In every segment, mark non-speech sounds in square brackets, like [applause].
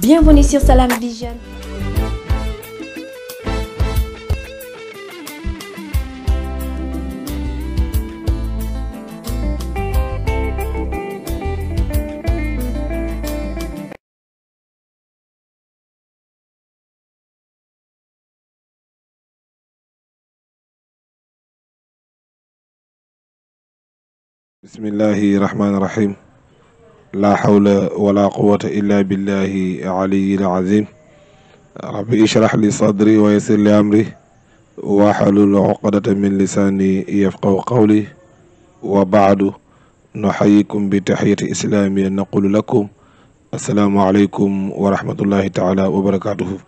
Bienvenue sur Salam Vision. bismillahi rahmaani rahim laa xawla wala quwata illa billahi aliyil azim rabbi ishrah li sadri wa yassir li amri waxalul uqdata min lisaani yafqahu qawli wa baadu nuxayikum bi taxiyati islaamiya naqulu lakum asalaamu aleykum wa rahmatullahi taala wa barakaatuhu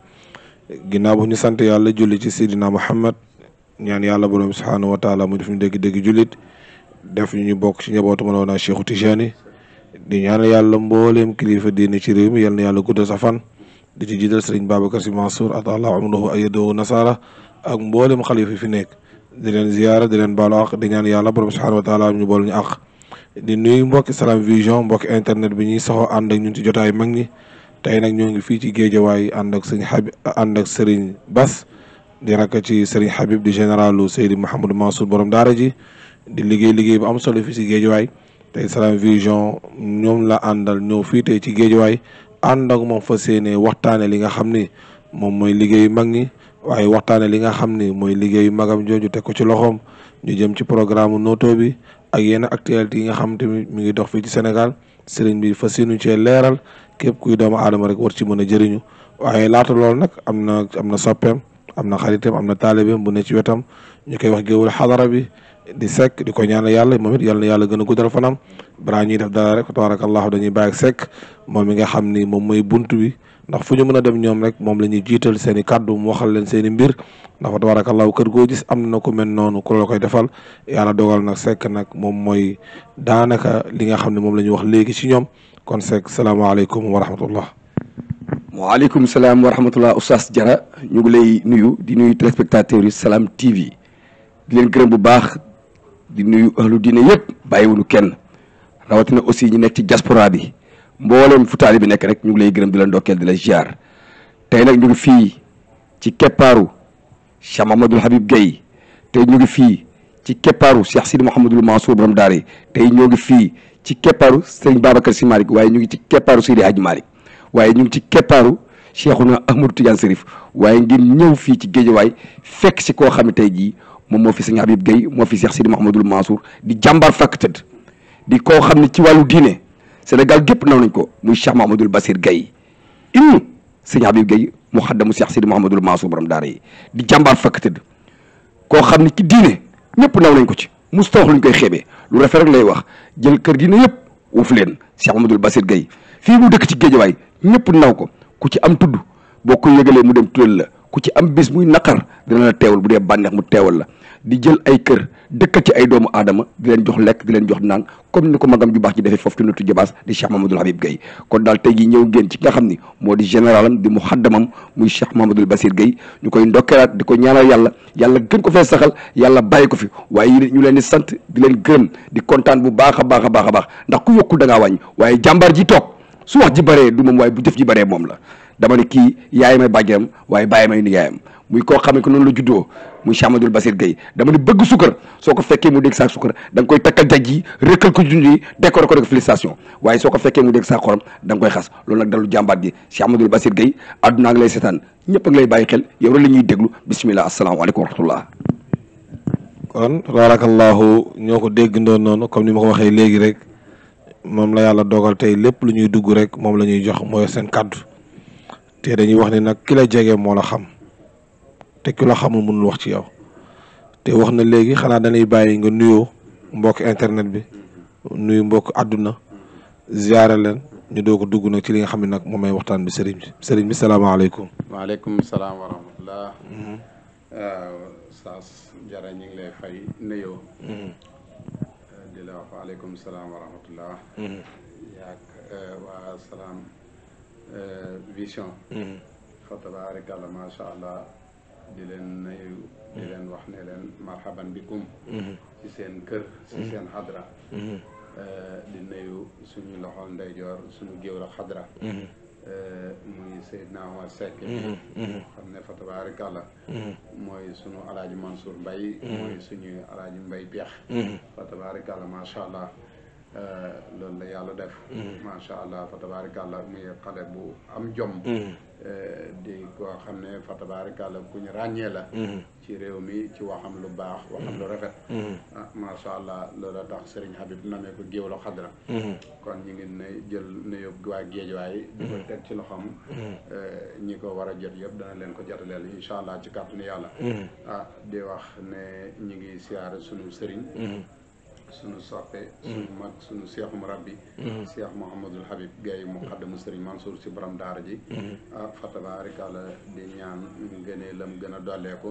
ginnaaw bu ñu sant yàlla julli ci sidina muhammad ñaan yàlla borom subhaanahu wa taala mu def ñu dégg-dégg jullit def ñu bokk ci njabootu mawlaana Cheikhu Tijaani di ñaan yàlla mbooleem kilifa diine ci réew mi yal na yàlla guddal sa fan di ci jiital sëriñ Babacar Sy Mansour atala amruhu ayyadahu nasara ak mbooleem xalifa yi fi nekk di leen ziyaara di leen baalu àq di ñaan yàlla borom subhanahu wa am ñu bool ñu àq di nuyu mbokki Salam Vision mbokki internet bi ñuy saxoo ànd ak ñun ci jotaay mag ñi tey nag ñoo ngi fii ci géejawaay ànd ak sëñ Habib ànd ak sëriñ Bas di rakk ci sëriñ Habib di généralu Seydi Mouhamadou Mansour borom daara ji di liggéey liggéey bu am solo fii ci géejawaay tey Salam Vision ñoom la àndal ñëw fiite ci géejuwaay ànd ak moom fas yéene waxtaane li nga xam ni moom mooy liggéeyu mag ñi waaye waxtaane li nga xam ni mooy liggéeyu magam jooju teg ko ci loxoom ñu jëm ci programme noto bi ak yenn actualité yi nga xam tamit mi ngi dox fii ci Sénégal sëriñ bi fas yéenu cee leeral képp kuy doomu aadama rek war ci mën a jëriñu waaye laata loolu nag am na am na soppeem am na xaritam am na taalibeem bu ne ci wetam ñu koy wax géewul xadara bi di sekk di koy ñaanal yàlla moom it yal na yàlla gën a guddal fanam balaa ñuy def dara rek tabarakallahu dañuy bàyyi ak Seck moom mi nga xam ni moom moy bunt bi ndax fu ñu mën a dem ñoom rek moom la ñuy jiital seen kàddu mu waxal leen seen i mbir ndax fa tabarakallahu kër goo gis am na ku mel noonu ku la koy defal yàlla dogal nag sekk nag moom mooy daanaka li nga xam ne moom la ñuy wax léegi ci ñoom kon Seck salaamaaleykum wa rahmatullah waaleykum salaam wa rahmatullah oustaz Diarra ñu ngi lay nuyu di nuyu téléspectateurs yi Salam TV di di nuyu ahlu diine yëpp bàyyiwuñu kenn rawatina aussi ñi nekk ci diaspora bi mbooleem fu taali bi nekk rek ñu ngi lay gërëm di la ndokkeel di la ziar tey nag ñu fii ci keppaaru Cheikh Mahamadul Habib Guèye tey ñu ngi fii ci keppaaru Cheikh Sidi Mouhamadul Mansour borom daari tey ñoo ngi fii ci keppaaru Serigne Babacar Sy Malick waaye ñu ngi ci keppaaru Seydi Hadj Malick waaye ñu ngi ci keppaaru Cheikhuna Ahmadou Tidiane Serif waaye ngir ñëw fii ci géejawaay fekk si koo xam ne tey jii moom moo fi sëñ Habib gay moo fi Cheikh Sidi Mahamadul Mansour di jàmbar fàkk tëdd di koo xam ne ci wàllu diine Sénégal gépp naw nañ ko muy Cheikh Mahamadul Basir Guèye ibnu sëñ Habib Guèye mu xaddamu Cheikh Sidi Mahamadul Mansour borom di jàmbar fàkk koo xam ne ci diine ñëpp naw nañ ko ci musta wax koy xeebee lu rafet lay wax jël kër diine yëpp uuf leen Cheikh Mahamadul Basir Guèye fii mu dëkk ci géejawaay ñëpp naw ko ku ci am tudd boo ko yëgalee mu dem tuddal la ku ci am bis muy naqar dina la teewal bu dee bànneex mu teewal la di jël ay kër dëkkal ci ay doomu aadama di leen jox lekk di leen jox naan comme ni ko magam ju baax ci defee foofu ci nutu jabaas di Cheikh Mamadou Habib Gueye kon daal tey jii ñëw ngeen ci nga xam ni moo di généralam di mu xaddamam muy Cheikh Mamadou Bassir Gueye ñu koy ndokkeeraat di ko ñaanal yàlla yàlla gën ko fee saxal yàlla bàyyi ko fi waaye ñu leen di sant di leen gërëm di kontaan bu baax a baax a baax a baax ndax ku yokkul da ngaa waaye jàmbaar ji toog su wax ji bëree du moom bu jëf ji bëree moom la dama ne kii yaay may bàjjam waaye bàyyi may nijaayam muy koo xam ne noonu la juddoo muy Cheikh Amadou Basir Gueye dama ne bëgg sukkar soo ko fekkee mu dégg saa sukkar da nga koy takkal jaj ji rëkkal ko junj ko rek félicitation waaye soo ko fekkee mu dégg saa xorom da nga koy xas loolu nag dalu jàmbaat gi Cheikh Amadou Basir Gueye àdduna ngi lay seetaan ñëpp ngi lay bàyyi xel yow rek la ñuy déglu bisimilah asalaamaaleykum wa rahmatullah kon ñoo ko dégg ndoon noonu comme ni ma ko waxee léegi rek moom la yàlla dogal tey lépp lu ñuy dugg rek moom la ñuy jox mooy seen kàddu te dañuy wax ne nag ki la jege moo la xam te ki xamul mënul wax ci yow te wax na léegi xanaa danay bàyyi nga nuyoo mbokk internet bi nuyu mbokk àdduna ziyaare leen ñu doog dugg nag ci li nga xam ne nag moom may waxtaan bi sëriñ bi sëriñ bi salaamaaleykum. waaleykum salaam wa Saas mhm. euh, Jara ñu ngi nuyoo. Mhm. Euh, la wax waaleykum salaam wa rahmatulah. Mhm. Eh, vision mm-hmm. fa tabaarikàlla macha allah di leen di mm-hmm. leen wax ne leen marhaban bikum mm-hmm. ci seen kër ci seen xadra eh, di nuyu suñu loxol ndeyjoor suñu géwél a xadra eh, muy Seydina na Seck xam ne fa tabaarakàlla mooy sunu alaaji Mansour Mbaye mooy suñu alaaji Mbaye Peex fa tabaarakàlla macha allah Euh, loolu la yàlla def. Mm-hmm. macha allah fa tabaarikàlla muy xale bu am jom. Mm-hmm. Euh, di koo xam ne fa tabaarikàlla ku ñu ràññee la. Mm-hmm. ci réew mi ci waxam lu baax waxam lu rafet. Ah, macha allah loola tax Serigne Habib namee ko géewlu xadra. kon ñu ngi ne jël nuyub waa géejuwaay. di ko teg ci loxoom. Euh, ñi ko war a jot yëpp dana leen ko jotaleel incha allah ci kàttanu yàlla. ah di wax ne ñu ngi siyaare sunu Serigne. sunu soppe mm. sunu mag sunu seexum rabbi mm. seex Muhammadul Habib Gaye mu xaddamu sëriñ Mansour si borom daara ji mm. ah fatabaarikàlla di ñaan ngëneelam gën a dolleeku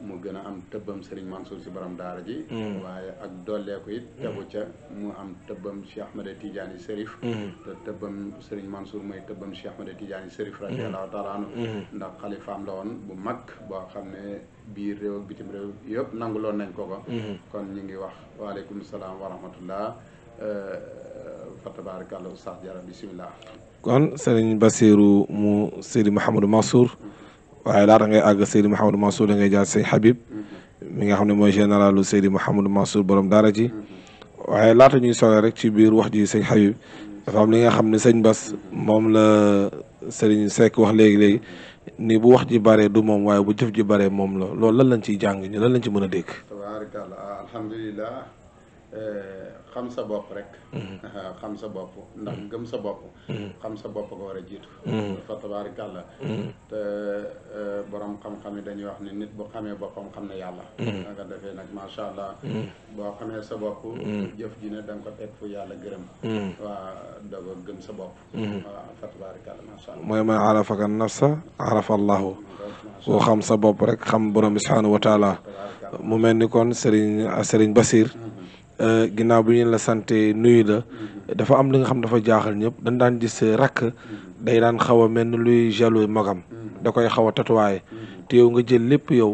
mu gën a am tëbbam Serigne Mansour si borom daara ji mm. waaye ak dolleeku it tegu mm. ca mu am tëbbam Cheikh Ahmada Tidiane Serif mm. te tëbbam Serigne Mansour mooy tëbbam Cheikh Ahmada Tidiane Serif radiyallahu taala anhu ndax xalifaam la woon bu mag boo xam ne biir réew ak bitim réew yëpp nanguloon nañ ko ko kon ñu ngi wax waaleykum salaam wa rahmatullah euh, fa tabarakallahu sax jara bismillah kon Serigne Bassirou mu Serigne Mouhamadou Mansour waaye laata ngay àgg Seydi Mouhamadou Mansour da ngay jaar Seydi Habib mi nga xam ne mooy généralu Seydi Mouhamadou Mansour borom daara ji waaye laata ñuy sore rek ci biir wax ji sëñ Habib dafa am li nga xam ne sëñ Bas moom la Serigne Seck wax léegi léegi nii bu wax ji bare du moom waaye bu jëf ji bare moom la lool lan lañ ciy jàng ñu lan lañ ci mën a dégg. Euh, xam sa bopp rek. Mm-hmm. [laughs] xam sa bopp ndax mm-hmm. gëm sa bopp. Mm-hmm. xam sa bopp ko war a jiitu. fa tabaarakàlla. Euh, borom xam-xam yi dañuy wax ne nit boo xamee boppam xam na yàlla. nga defee nag macha allah. boo xamee sa bopp. jëf ji ne da nga ko teg fu yàlla gërëm. waa doog a gëm sa bopp. waaw allahu. boo xam sa bopp rek xam borom bi subhaanahu wa taala mu mel ni Basir. Euh, ginnaaw bi ñu la sant nuyu da dafa am li nga xam dafa jaaxal ñëpp dañ daan gis rakk day daan xaw a mel ni luy jaloux magam da koy xaw a tatuwaay te yow nga jël lépp yow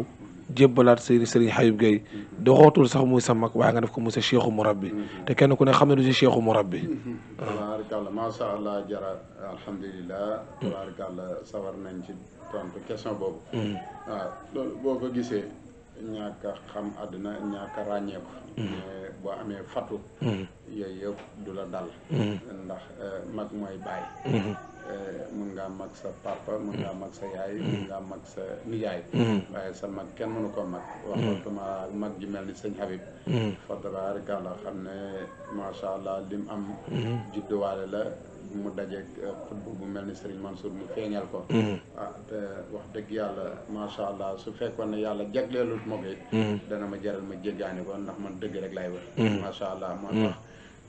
jébbalaat sëriñ sëriñ Xayib Gueye doxootul sax muy sa mag waaye nga def ko mu sa cheikhu murabbi te kenn ku ne xam ne du si cheikhu murabbi [laughs] tabarakallah masha allah jara alhamdulilah mm. tabarakallah sawar nañ ci tontu question boobu mm. boo ko gisee ñàkk a xam àdduna ñàkk a ràññeeku. Mm-hmm. mais boo amee fatu. Mm-hmm. yooyu yëpp du la dal. Mm-hmm. ndax eh, mag mooy bàyyi. Eh, mun ngaa mag sa papa mun ngaa mag sa yaay mun ngaa mag sa nijaay. waaye sa mag kenn mënu ko mag. waxatuma mag ji mel ni sëñ Habib. Fadala rek la xam ne macha allah lim am. judduwaale la. mu dajeeg euh, xutbu bu mel ni Serigne Mansour mu feeñal ko. Mm-hmm. ah te wax dëgg yàlla macha allah su fekkoon ne yàlla jagleelut ma ko it. Mm-hmm. dana ma jaral ma jéggaani ko ndax man dëgg rek laay wër. Mm-hmm. macha allah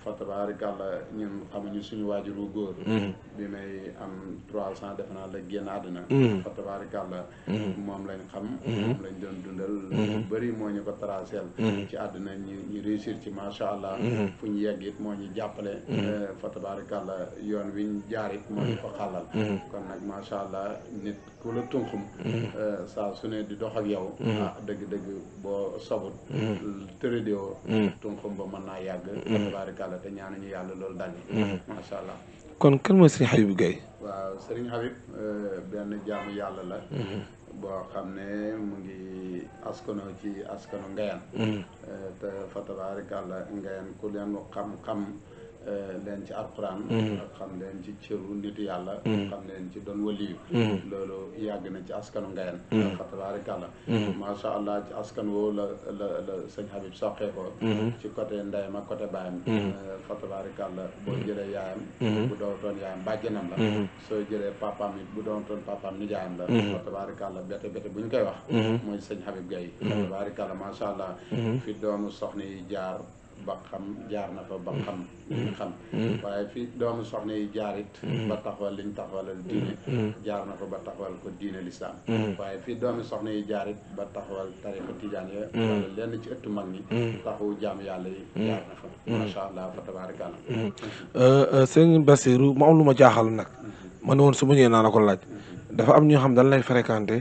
fa tabaarakàlla ñun xamuñu suñu waajur wu góor. Mm-hmm. bi may am trois cent defe naa la génn àdduna. Mm-hmm. fa tabaarakàlla. Mm-hmm. moom lañ xam. moom lañ doon dundal. bëri moo ñu ko traceel. ci àddina ñu ñu ci macha allah. fu ñu yegg moo ñu jàppale. Euh, fa tabaarakàlla yoon wi ñu jaar moo ñu ko xàllal. kon nag macha allah nit ku la tunxum. Euh, saa su ne di dox ak yow. Ah, dëgg-dëgg boo sobut. tërëdeewoo. tunxum ba mën naa yàgg. yàlla te ñaanuñu yàlla loolu dal yi mhm. allah kon kan mooy Serigne Habib Gaye waaw Serigne Habib euh, benn jaamu yàlla la mhm. boo xam ne mu ngi askano ci askano ngayan mhm. euh, te fa tabaarikàlla ngayan ku leen xam-xam leen ci alquran mm-hmm. ak xam leen ci cëru nitu yàlla mm-hmm. xam leen ci doon waliyu mm-hmm. loolu yàgg na ci askanu ngayen xatabaarikàlla macha allah ci askan woo la la la sëñ Habib soqee ko ci côté ndeyam ak côté baayam xatabaarikàlla euh, boo jëlee yaayam bu dootoon yaayam bàjjanam la soo jëlee papaam it bu dootoon papaam nijaayam la xatabaarikàlla bete bete bu ñu koy wax mooy sëñ Habib Gaye xatabaarikàlla macha allah fi doomu soxna yi jaar ba xam jaar na fa ba mm. xam li ñu mm. xam mm. waaye fi doomu soxna yi jaarit ba taxawal li ñu taxawalal diine jaar na fa ba taxawal ko diine lislaam waaye fi doomu soxna yi jaarit ba taxawal tariqa tijaan ya wala lenn ci ëttu mag ñi taxu jaam yàlla yi jaar na fa masha allah fa tabaarakaala euh, euh, ma am ma jaaxal nag man woon su ñëwee naa la laaj dafa am ñoo xam dañ lay fréquenté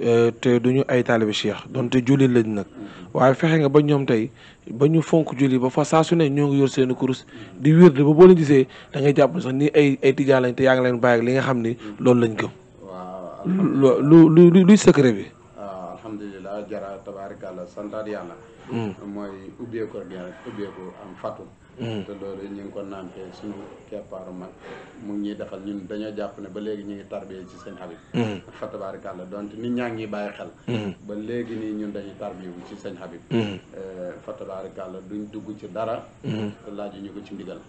Euh, te du ñu ay taalibi cheikh donte jullit lañ nag waaye fexe nga ba ñoom tey ba ñu fonk julli ba fa saa su ne ñoo ngi yor seeni kurus di wirde ba boo leen gisee da jàpp sax ni ay ay lañ te yaa ngi leen baa ak li nga xam ni loolu lañ gëm. waaw lu lu lu luy secret bi. waaw alhamdulilah jara tabaarikàlla santaat yàlla. Mm. mooy ubbeeku ak yàlla ubbeeku am fàttu. Mm. te loolu ñu ngi ko nàmpee suñu keppaaru mag mu ngi ñuy defal ñun dañoo jàpp ne ba léegi ñu ngi tarbiyee ci seen habib mm. fa tabaarakàlla donte nit ñaa ngi bàyyi xel mm. ba léegi nii ñun dañuy tarbiye wu ci seen habib eh, fa tabaarakàlla duñ dugg ci dara laaju ñu ko ci ndigal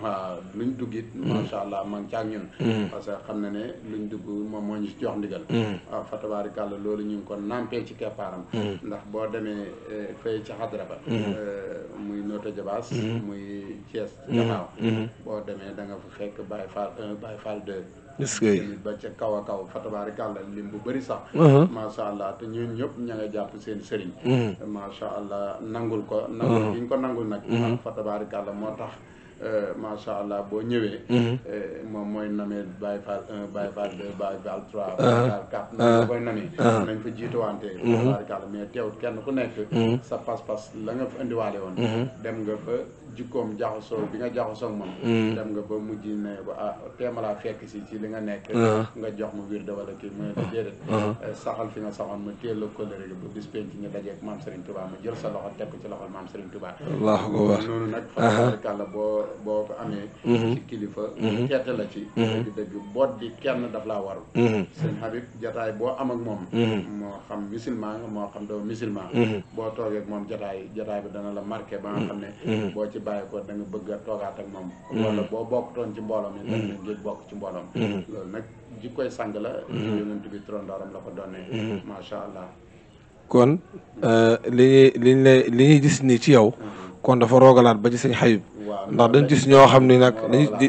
waaw luñ dugg it macha allah ma ngi caag ñun parce que xam na ne luñ dugg moom moo ñu jox ndigal waaw fa tabaarakàlla loolu ñu ngi ko nàmpee ci keppaaram ndax boo demee eh, fay ci xadra ba eh, muy noto jabaas Thiès. Jaxaaw mhm. mhm. boo demee da nga fa fekk Baye Fall 1 Baye Fall 2. est-ce que ba ca kaw a kaw fa tabaarakàlla lim bu bëri sax. Mhm. macha allah te ñun ñëpp ña nga jàpp seen sëriñ. macha allah nangul ko. nangul bi ñu ko nangul nag. fa moo tax. Euh, macha allah boo ñëwee. Mhm. Euh, moom mooy namee Baye Fall un Baye Fall deux Baye Fall trois. Uh-huh. Baye Fall quatre uh-huh. Uh-huh. nañ koy namee. nañ fa kenn ku nekk. Mhm. sa pas-pas la nga fa indiwaale woon. Mhm. dem nga fa jikkoom jaxasoo bi nga jaxasoo moom. dem nga ba mujj ne ba ah teema laa fekk si ci li nga nekk. nga jox mu wirde wala kii mu ne la déedéet. Euh, saxal fi nga saxoon mu teel la kóllëre gi bu bis penc ñu dajeeg maam Serigne Touba mu jël sa loxo teg ko ci loxol maam Serigne Touba. waaw waaw noonu nag. tabaarkalla boo. boo ko amee mhm. ci kilifa teete mhm. la ci mhm. dëgg dëgg boot di kenn daf la warul sëñ Habib jataay boo am ak moom moo xam musulman moo xam doo musulman boo toogee ak moom jataay jataay dana la marqué ba nga xam ne boo ci bàyyi ko da nga bëgg a toogaat ak moom wala boo toon ci mbooloo mi dana ngir bokk ci mbooloo mi loolu nag ji koy sang la yonent bi trondooram la ko doonee macha allah kon euh, li li ñu li ñuy gis nii ci yow kon dafa roogalaat ba ci sëñ Habib ndax dañ gis ñoo xam ni nag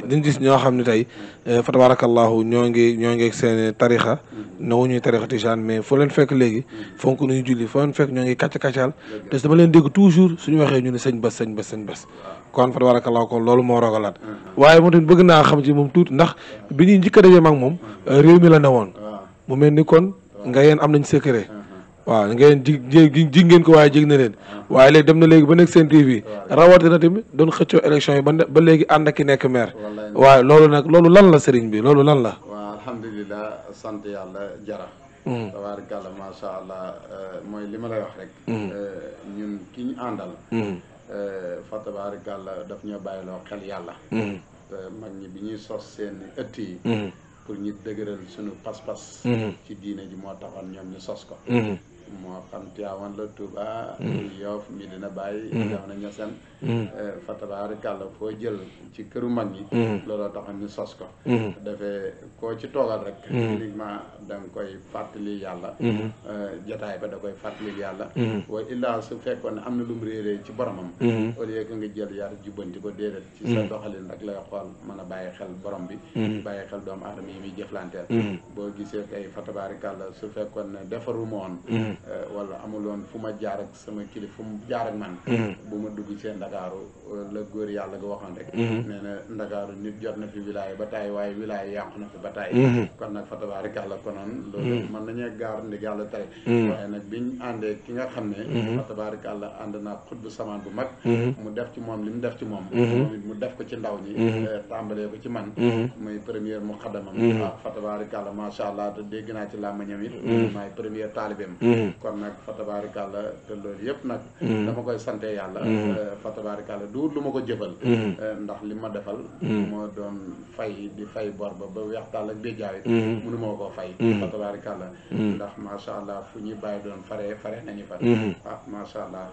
dañ gis ñoo xam ne tey eh, fa tabarakallahu ñoo ngi ñoo ngi seen tarixa nawu ñuy tarixa tijaan mais fo leen fekk léegi fonk nuñu juli foo leen fekk ñoo ngi kàcc kàccaal te dama leen dégg toujours suñu waxee ñu ne sëñ bas sëñ bas sëñ bas kon fa tabarakallahu kon loolu moo rogalaat waaye moom tamit bëgg naa xam ci moom tuuti ndax bi ñuy njëkk a dajee moom eh, réew mi la newoon mu mel ni kon nga yéen am nañ secret waaw ngeen ji ji ngeen ko waaye jig na leen ah. waaye léegi dem na léegi ba nekk seen TV rawatina tamit doon xëccoo élection yi ba ba léegi ànd ak ki nekk maire waaye loolu nag loolu lan la seriñ bi loolu lan la waaw alhamdulilah sant yàlla jara hmm. tabaarkàlla macha allah eh, mooy li ma lay wax rek hmm. eh, ñun ñu àndal hmm. eh, fa tabaarkàlla daf ñoo bàyyiloo xel yàlla mag ñi bi ñuy sos seen ëtt yi pour ñu dëgëral suñu pas-pas ci diine ji moo taxoon ñoom ñu sos ko moo xam Tiwaawan la Touba. Mm. Yoff Medina Baye. Léona mm. Niassène. Mm. Eh, fa tabaarakàlla foo jël ci këru mag ñi. looloo tax ñu sos ko. dafay koo ci toogal rek. uniquement da nga koy fàttali yàlla. Eh, jataay ba da koy fàttali yàlla. wa illaa su fekkoon ne am na lu mu réeree ci boromam. au lieu que nga jël yar jubbanti ko déedéet. ci sa doxalin rek lay xool mën a bàyyi xel borom bi. bàyyi xel doomu aadama yi muy jëflanteel. boo gisee kay fa tabaarakàlla su fekkoon Euh, wala amuloon fu ma jaar ak sama kilif fu mu jaar ak man mhm. bu ma dugg see ndakaaru euh, la góor yàlla nga waxoon rek mhm. nee na ndakaaru nit jot na fi wilaay ba taay waaye wilaay yàqu na fi ba taay mhm. kon nag fa tabaaraka yàlla konoon loolu mën nañu gaar ndig yàlla tare waaye nag biñ àndee ki nga xam ne fa tabaaraka yàlla ànd naa xut bu samaan bu mag mu def ci moom li mu def ci moom moom it mu def ko ci ndaw ñi euh, tàmbalee ko ci man muy première muqaddamam fa tabaaraka yàlla macha allah te dégg naa ci làmmiñam it maay première taalibeem Mm. kon nag fa tabaarikàlla yëpp nag mm. dama koy sante yàlla mm. eh, fa tabaarikàlla duur lu ma ko jëfal eh, ndax li ma defal moo doon fay di fay bor ba ba weextaal ak déjaayi mënu ma koo fay fa tabaarikàlla ndax macha allah fu doon fare fare ah, macha allah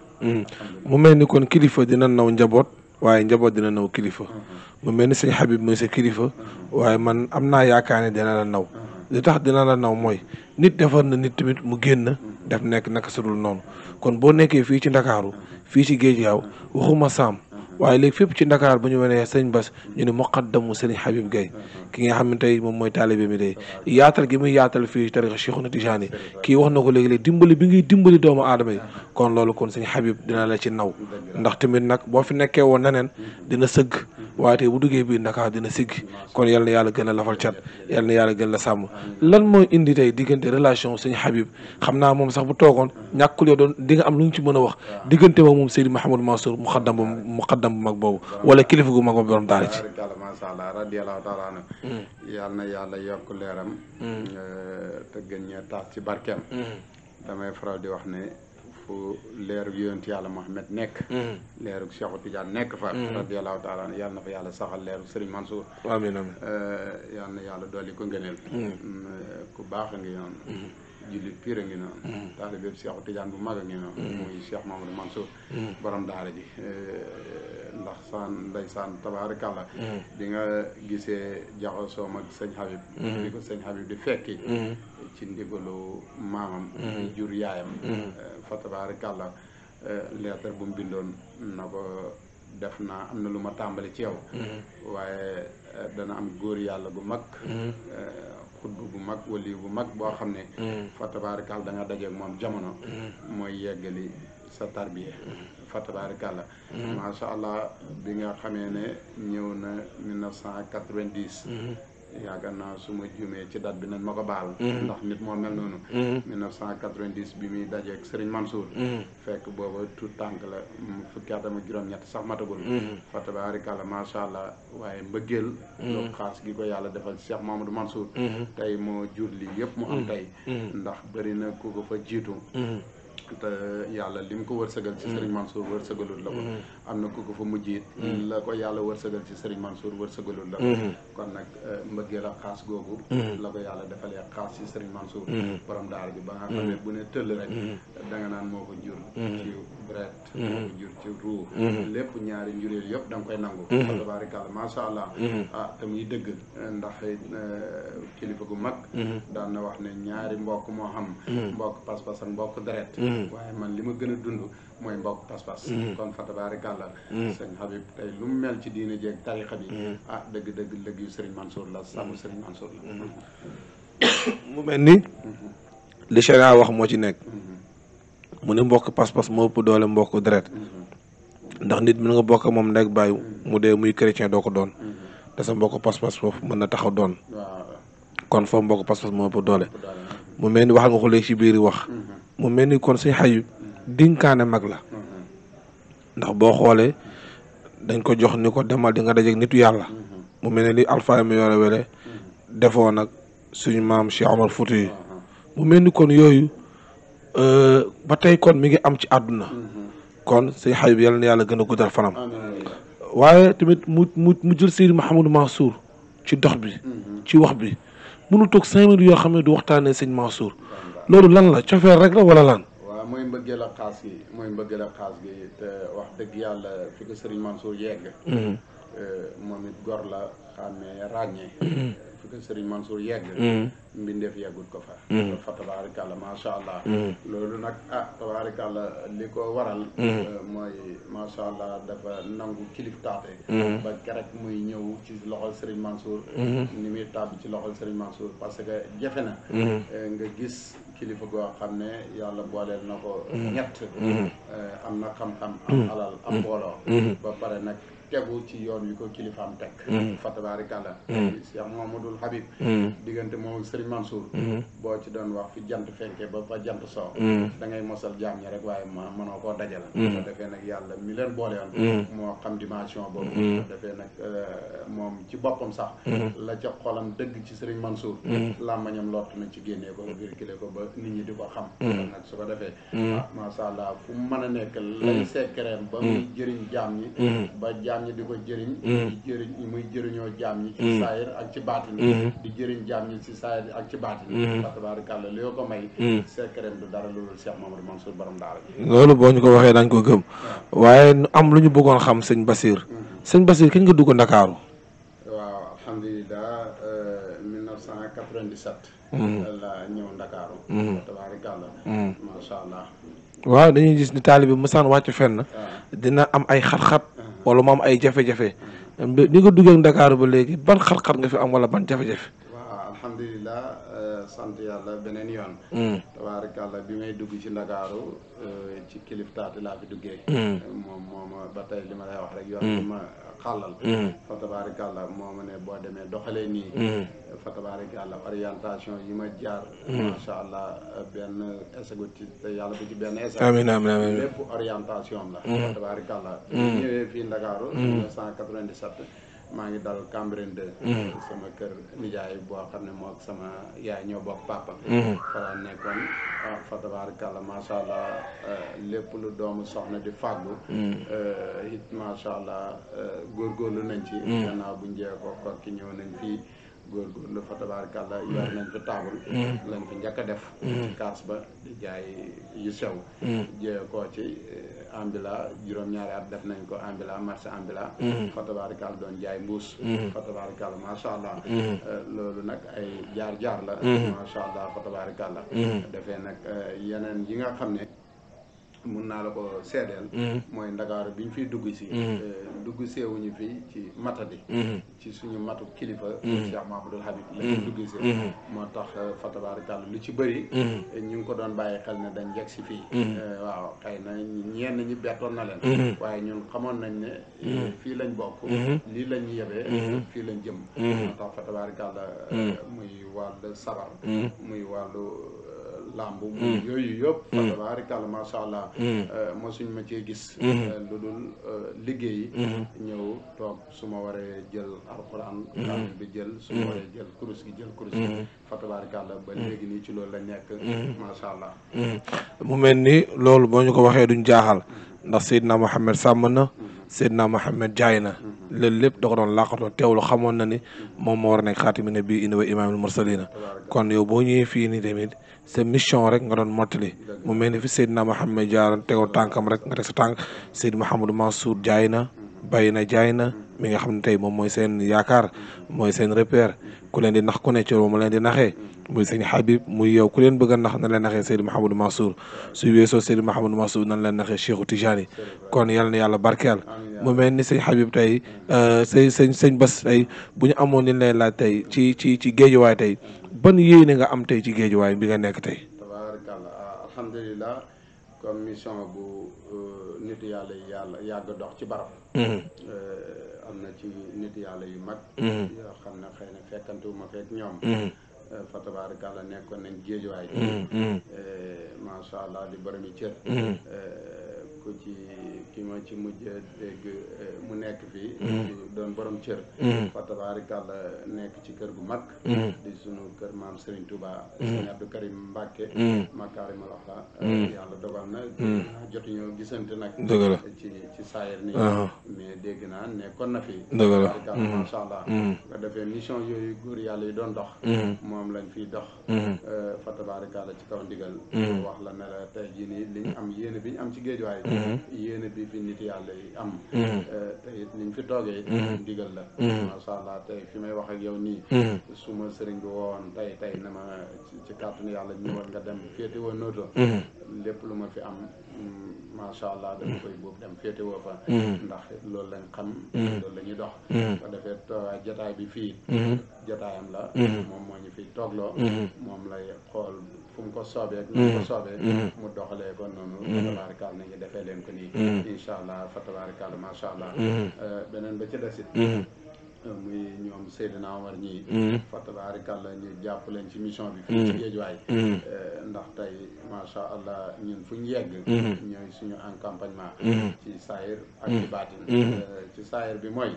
mu mel ni kon kilifa dina naw njaboot waaye njaboot dina naw kilifa mm-hmm. mu mel ni sëñ Habib mooy sa kilifa mm-hmm. waaye man am naa yaakaar ne dina la naw mm-hmm. li tax dina la naw mooy nit defar na nit tamit mu génn daf nekk naka sudul noonu kon boo nekkee fii ci ndakaaru fii ci géej yaaw waxuma saam waaye léegi fépp ci Ndakaar bu ñu wanee sëñ Bas ñu ne muqaddamu sëñ Habib Gaye ki nga xam ne tey moom mooy taalibe mi day yaatal gi muy yaatal fii tarixa Cheikhouna Tidiane kii wax na ko léegi-léegi dimbali bi ngay dimbali doomu aadama yi kon loolu kon sëñ Habib dina la ci naw ndax tamit nag boo fi nekkee woon neneen dina sëgg waaye tey bu duggee biir Ndakaar dina siggi kon yal na yàlla gën a lafal cat yal na yàlla gën la sàmm lan mooy indi tey diggante relation sëñ Habib xam naa moom sax bu toogoon ñàkkul yoo doon di nga am lu ñu ci mën a wax diggante moom moom Seydi Mahamadou Mansour muqaddam muqaddam xaddam bu mag boobu wala kilifa gu mag boobu borom daara ci masha Allah radiyallahu taala anhu hmm. yàlla na yàlla yokk leeram hmm. eh, te gën ñee taas ci barkeem hmm. damay faral di wax ne fu leerug yonent yàlla Muhammad nekk leerug Cheikhu Tidiane nekk fa radiyallahu taala anhu yàlla na fa yàlla saxal leerug Serigne Mansour eh, yàlla na yàlla dolli ko ngëneel mm, eh, ku baax a ngi yoon jullit piir a ngi noonu taalibe mm. Seexu Tijaan bu mag a ngi noonu mm. muy Cheikh Mamadou Mansour mm. borom a ji eh, ndax saan ndeysaan tabaarakàlla di nga gisee jaxasoom ak sëñ Habib di ko sëñ Habib di fekki ci ndigalu maamam jur yaayam eh, fa tabaarakàlla eh, leetar bu mu bindoon na ko def naa am na lu ma tàmbali ci yow waaye dana am góor yàlla bu mag xutbu bu mag wali bu mag boo xam ne mm. fa tabaarakaal da nga dajeeg moom jamono mm. mooy yeggali sa tarbiya mm. fa tabaarakaal masha allah bi nga xamee ne ñëw na 1990 yaakaar naa su ma jumee ci date bi nañ ma ko baal mm-hmm. ndax nit moo mel noonu 1990 mm-hmm. bi muy dajeeg Serigne Mansour mm-hmm. fekk booba tout tànk la fukki at ak juróom-ñett sax matagul fa tabaarikàlla macha allah waaye mbëggeel lu xaas gi ko yàlla defal Cheikh Mamadou Mansour tey moo jur lii yëpp mu am tey ndax bëri na ku fa jiitu te yàlla li mu ko wërsëgal ci Serigne Mansour wërsëgalul la ko am na ku ko fa mujj mm. it la ko yàlla wërsëgal ci Serigne Mansour wërsëgalul la mm-hmm. kon nag euh, mbëggeel ak xaas googu mm-hmm. la ko yàlla defalee xaas ci Serigne Mansour mm-hmm. borom daara ji ba nga xam ne bu ne tëll rek da naan moo ko jur ci bret moo ko jur ci ruu lépp ñaari njureel yëpp da koy nangu tabaarikàlla macha allah ah te muy dëgg ndax euh, kilifa gu mag daan na wax ne ñaari mbokk moo xam mbokk pas-pas ak mbokk deret waaye man li ma gën a dund mooy mbokk pas-pas mm-hmm. kon fatabaari kàlla mm-hmm. sëñ Habib tey lu mu mel mm-hmm. ah la sàmm sëriñ Mansour mu mel ni li sharia wax moo ci nekk mu ne mbokk pas-pas moo ëpp doole mbokk deret ndax nit mën nga bokk moom nekk bàyyi mu dee muy chrétien doo ko doon te sa mbokk pas-pas foofu mën na taxaw doon kon foofu mbokk pas-pas moo ëpp doole mu mel ni waxal nga ko léegi ci biir wax mu mel ni kon si xayu dinkaane mag la ndax boo xoolee dañ ko jox ni ko demal di nga dajeeg nitu yàlla mu mel ne li alpha mi yore wele defoo nag suñ maam Cheikh Omar Fouti yi mu mel ni kon yooyu euh, ba tey kon mi ngi am ci àdduna kon say xay bi yàlla na yàlla gën a guddal fanam waaye tamit mu mu mu jël Seydi Mouhamadou Mansour ci dox bi ci wax bi mënu toog cinq minutes yoo xam ne du waxtaanee sëñ Mansour loolu lan la cofeel rek la wala lan mooy mbëggeel ak xaas gi mooy mbëggeel ak xaas gi te wax dëgg yàlla fi ko sëriñ Mansour yegg mm-hmm. eh, la xàmmee ràññee mm-hmm. fi ko sëriñ Mansour yegg mm-hmm. mbindeef yeggut ko fa fa tabaarikàlla macha allah loolu nag ah tabaarikàlla li ko waral eh, mooy macha allah dafa nangu kilif taate ba kerek muy ñëw ci loxol sëriñ Mansour ni muy tàbbi ci loxol sëriñ Mansour parce que jafe na eh, nga gis kilifa goo xam ne yàlla booleel na ko mm-hmm. ñett mm-hmm. Eh, am na xam-xam am mm-hmm. alal am mbooloo ba pare nag tegu ci yoon yu ko kilifaam teg mm. fa tabaarakalla mm. Cheikh Mouhamadoul Habib mm. diggante moom Serigne Mansour boo ci doon wax fi jant fenke ba fa jant soo da ngay mosal jaam ñi rek waaye ma mënoo koo dajale so defee nag yàlla mi leen boole woon moo xam dimension boobu so defee nag euh, moom ci boppam sax la ca xolam dëgg ci Serigne Mansour làmmañam lott na ci génnee ko virgule ko ba nit ñi di ko xam nag su ko defee ah, masha Allah fu mu mën a nekk lay secret ba muy jëriñ jaam ñi ba jaam jaam ñi di ko jëriñ mm. di jëriñ mm. ak ci baatin mm. di jëriñ jaam ñi ci saayir ak ci baatin ndax tabaarakàlla li loolu boo ñu ko waxee dañ ko gëm waaye am lu ñu bëggoon xam sëñ Basir mm-hmm. sëñ Basir kañ nga dugg Ndakaaru waaw alhamdulilah 1997 la ñëw Ndakaaru mm-hmm. tabaarakàlla mm-hmm. macha allah waaw dañuy gis ni taalibe bi mësaan wàcc fenn dina am ay xat-xat wala mu am ay jafe-jafe ni nga duggee ak Dakar ba léegi ban xar-xar nga fi am wala ban jafe-jafe. waaw alhamdulilah sant yàlla beneen yoon mm. tabaarkàlla bi may dugg ci ndakaaru euh, ci kiliftaati laa fi duggee mm. moom moom ba tey li ma lay wax rek yoon mm. bi ma xàllal fa tabaarkàlla moo ma ne boo demee doxalee nii fa tabaarkàlla orientation yi ma jaar macha allah benn esagu ci te yàlla bu ci benn esag amiin amiin amiin orientation am la fa tabaarkàlla ñëwee fii ndakaaru 1997 maa ngi dal Cambérène 2 mm-hmm. sama kër nijaay boo xam ne moo ak sama yaay ñoo bokk papa mm-hmm. fa nekkoon ah, fa tabaarakàlla macha allah euh, lépp lu doomu soxna di fàggu góor mm-hmm. euh, macha allah euh, góorgóorlu nañ ci gannaaw bu njëkk ko ko ñëw nañ fii góorgóorlu fa tabaarkàlla yor nañ fi taabul lañ fi njëkk def ci kaas ba di yu sew jiyee koo ci ambila juróom-ñaari at def nañ ko ambila marché ambila mhm. fa tabaarikal doon jaay mbuus mhm. fa tabaarikal macha allah mhm. euh, loolu nag ay jaar jaar la macha allah fa tabaarikal la defee nag euh, yeneen yi nga xam ne mun naa la ko seedeel mm-hmm. mooy ndakaaru bi ñu fiy dugg si mm-hmm. eh, dugg seewuñu fi ci matadi mm-hmm. ci suñu matu kilifa Cheikh Mahmoudou Habib lañu dugg see moo tax eh, fa tabaarakàlla lu ci bëri eh, ñu ngi ko doon bàyyi xel ne dañ yegg si fii waaw xëy na ñenn ñi bettoon na leen waaye ñun xamoon nañ ne fii lañ bokk lii lañ yebee fii lañ jëm moo tax fa tabaarakàlla muy wàllu sabar muy wàllu làmb mu mm. yooyu yëpp fa mm. tabaarikàlla masha allah mm. euh, mosuñ ma e gis mm-hmm. euh, lu dul euh, liggéey mm-hmm. ñëw toog su ma waree jël alquran kaamil mm-hmm. bi jël su ma waree jël kurus gi jël kurus gi fa tabaarikàlla ba léegi nii ci loolu la nekk masha allah mu mel ni loolu boo ñu ko waxee duñ jaaxal ndax Seydina Mohamed sàmm na Seydina Mohamed jaay na loolu lépp da ko doon làqatoo teewlu xamoon na ni moom moo war a nekk xaatimi nabiyyiina wa imaamul mursaliina kon yow boo ñëwee fii nii tamit sa mission rek nga doon mottali mu mel ni fi Seydina Mohamed jaaroon tegoo tànkam rek nga teg sa tànk Seydina Mohamed Mansour jaay na bay na jaay na mi nga xam ne tey moom mooy seen yaakaar mooy seen repère ku leen di nax ku ne ci mu leen di naxee muy sëñ Habib muy yow ku leen bëgg a nax na leen naxee Seydou Mahamadou Mansour su weesoo Seydou Mahamadou Mansour nan leen naxee Cheikhou Tijani kon yal na yàlla barkeel mu mel ni sëñ Habib tey sëñ sëñ sëñ Bass tey bu ñu amoon li ñu lay tey ci ci ci géejuwaay tey ban yéene nga am tey ci géejuwaay bi nga nekk tey. tabaarakallah alhamdulilah comme nit yàlla yi yàlla yàgg dox ci barab mm-hmm. euh, am na ci nit yàlla yu mag mm-hmm. yoo xam ne xëy na fekkantu fekk ñoom mm-hmm. Euh, fa tabaarakàlla nekkoon nañ géejuwaay mm, mm. euh, macha allah di borom yi cër mm. euh, ku ci ki ma ci mujj dégg mu nekk fii doon borom cër fa tabaarakàlla nekk ci kër gu mag di sunu kër maam Serigne Touba Serigne Abdou Karim Mbacke makaarimal axlaa yàlla dogal na jotuñu gisante nag ci ci saayir nii ah. mais dégg naa nekkoon na fii macha allah nga defee mission yooyu góor yàlla yi doon dox moom lañ fiy dox mhm. euh, fa tabaarikàlla ci kaw ndigal mhm. wax la ne la tey jii nii liñ am yéene bi ñu am ci géejuwaay mhm. yéene bi fi nit yàlla yi am euh, te it niñ fi toogee ndigal la macha allah tey fi may wax ak yow nii su ma sëriñ bi woon tey tey na ma ci kàttanu yàlla ñëwal nga dem féete woon nooto lépp lu ma fi am macha allah dama koy boobu dem féete woo fa mm-hmm. ndax loolu lañ xam mm-hmm. loolu la ñuy dox ko mm-hmm. defee euh, jataay bi fii jataayam la moom moo fi toog toogloo moom lay xool fu ko soobee ak mu ko soobee mu doxalee ko noonu tabaarikaal nañu defee leen ko nii incha allah fa tabaarikaal macha allah euh, beneen ba ci desit Euh, muy ñoom Seydina Omar ñii mm. fatabaari kàlla ñu jàpp leen ci mission bi fii mm. ci géej waay mm. euh, ndax tey macha allah ñun fu ñu yegg ñooy suñu accompagnement ci saayir ak ci baatin euh, ci saayir bi mooy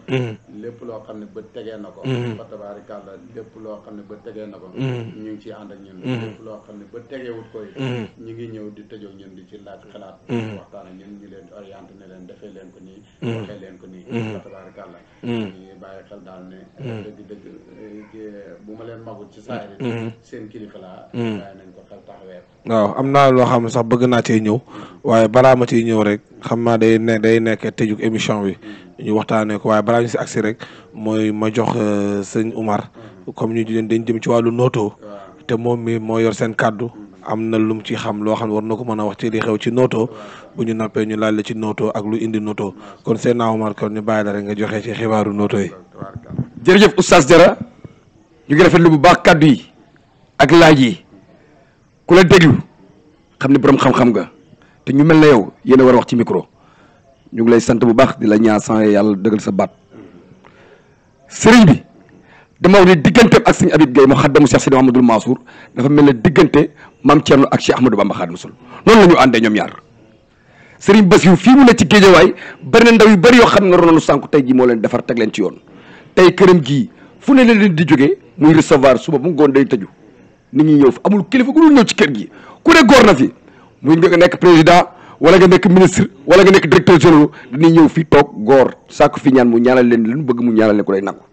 lépp loo xam ne bët tegee na ko fatabaari kàlla lépp loo xam ne bët tegee na ñu ngi ciy ànd ak ñun lépp loo xam ne bët tegeewut koy ñu ngi ñëw di tëjoo ñun di ci laaj xalaat waxtaan ak ñun ñu leen di ne leen defee leen ko nii waxee leen ko nii fatabaari bàyyi xel daal ne. Mm. dëgg ma leen magul ci mm. Mm. loo xam ne sax bëgg naa cee ñëw waaye balaa ma ciy ñëw rek xam naa day ne day nekk tëjug émission bi ñu waxtaanee ko waaye balaa ñu si agsi rek mooy ma jox euh, sëñ Umar comme ñu dañ jëm ci wàllu nooto te moom mi moo yor seen kàddu. am na lum ci xam loo xam ne war na ko mën a wax ci li xew ci noto bu ñu nappee ñu laaj la ci noto ak lu indi noto kon seen naa Omar kon ñu bàyyi la rek nga joxe ci xibaaru noto yi. jërëjëf oustaz Diarra ñu ngi rafet rafetlu bu baax kàddu yi ak laaj yi ku la déglu xam ne borom xam-xam nga te ñu mel na yow yéen a war a wax ci micro ñu ngi lay sant bu baax di la ñaan sant yàlla dëggal sa baat sëriñ bi dama wax ne digganteem ak sëriñ Habib Gueye mu xaddamu Cheikh Sidi Mahamadul Mansour mel ne diggante maam Thierno ak Cheikh Ahmadou Bamba Xaadimu Rasuul noonu la ñu àndee ñoom ñaar Serigne Bassirou fii mu ne ci géejawaay bari na ndaw yu bari yoo xam ne ronoonu sànku tey jii moo leen defar teg leen ci yoon tey këram gii fu ne la leen di jóge muy recevoir suba bu ngoon day tëju nit ñi ñëw amul kilifa gu dul ci kër gi ku ne góor na fi muy nga nekk président wala nga nekk ministre wala nga nekk directeur général dañuy ñëw fii toog góor sàkku fi ñaan mu ñaanal leen lu bëgg mu ñaanal leen ko day nangu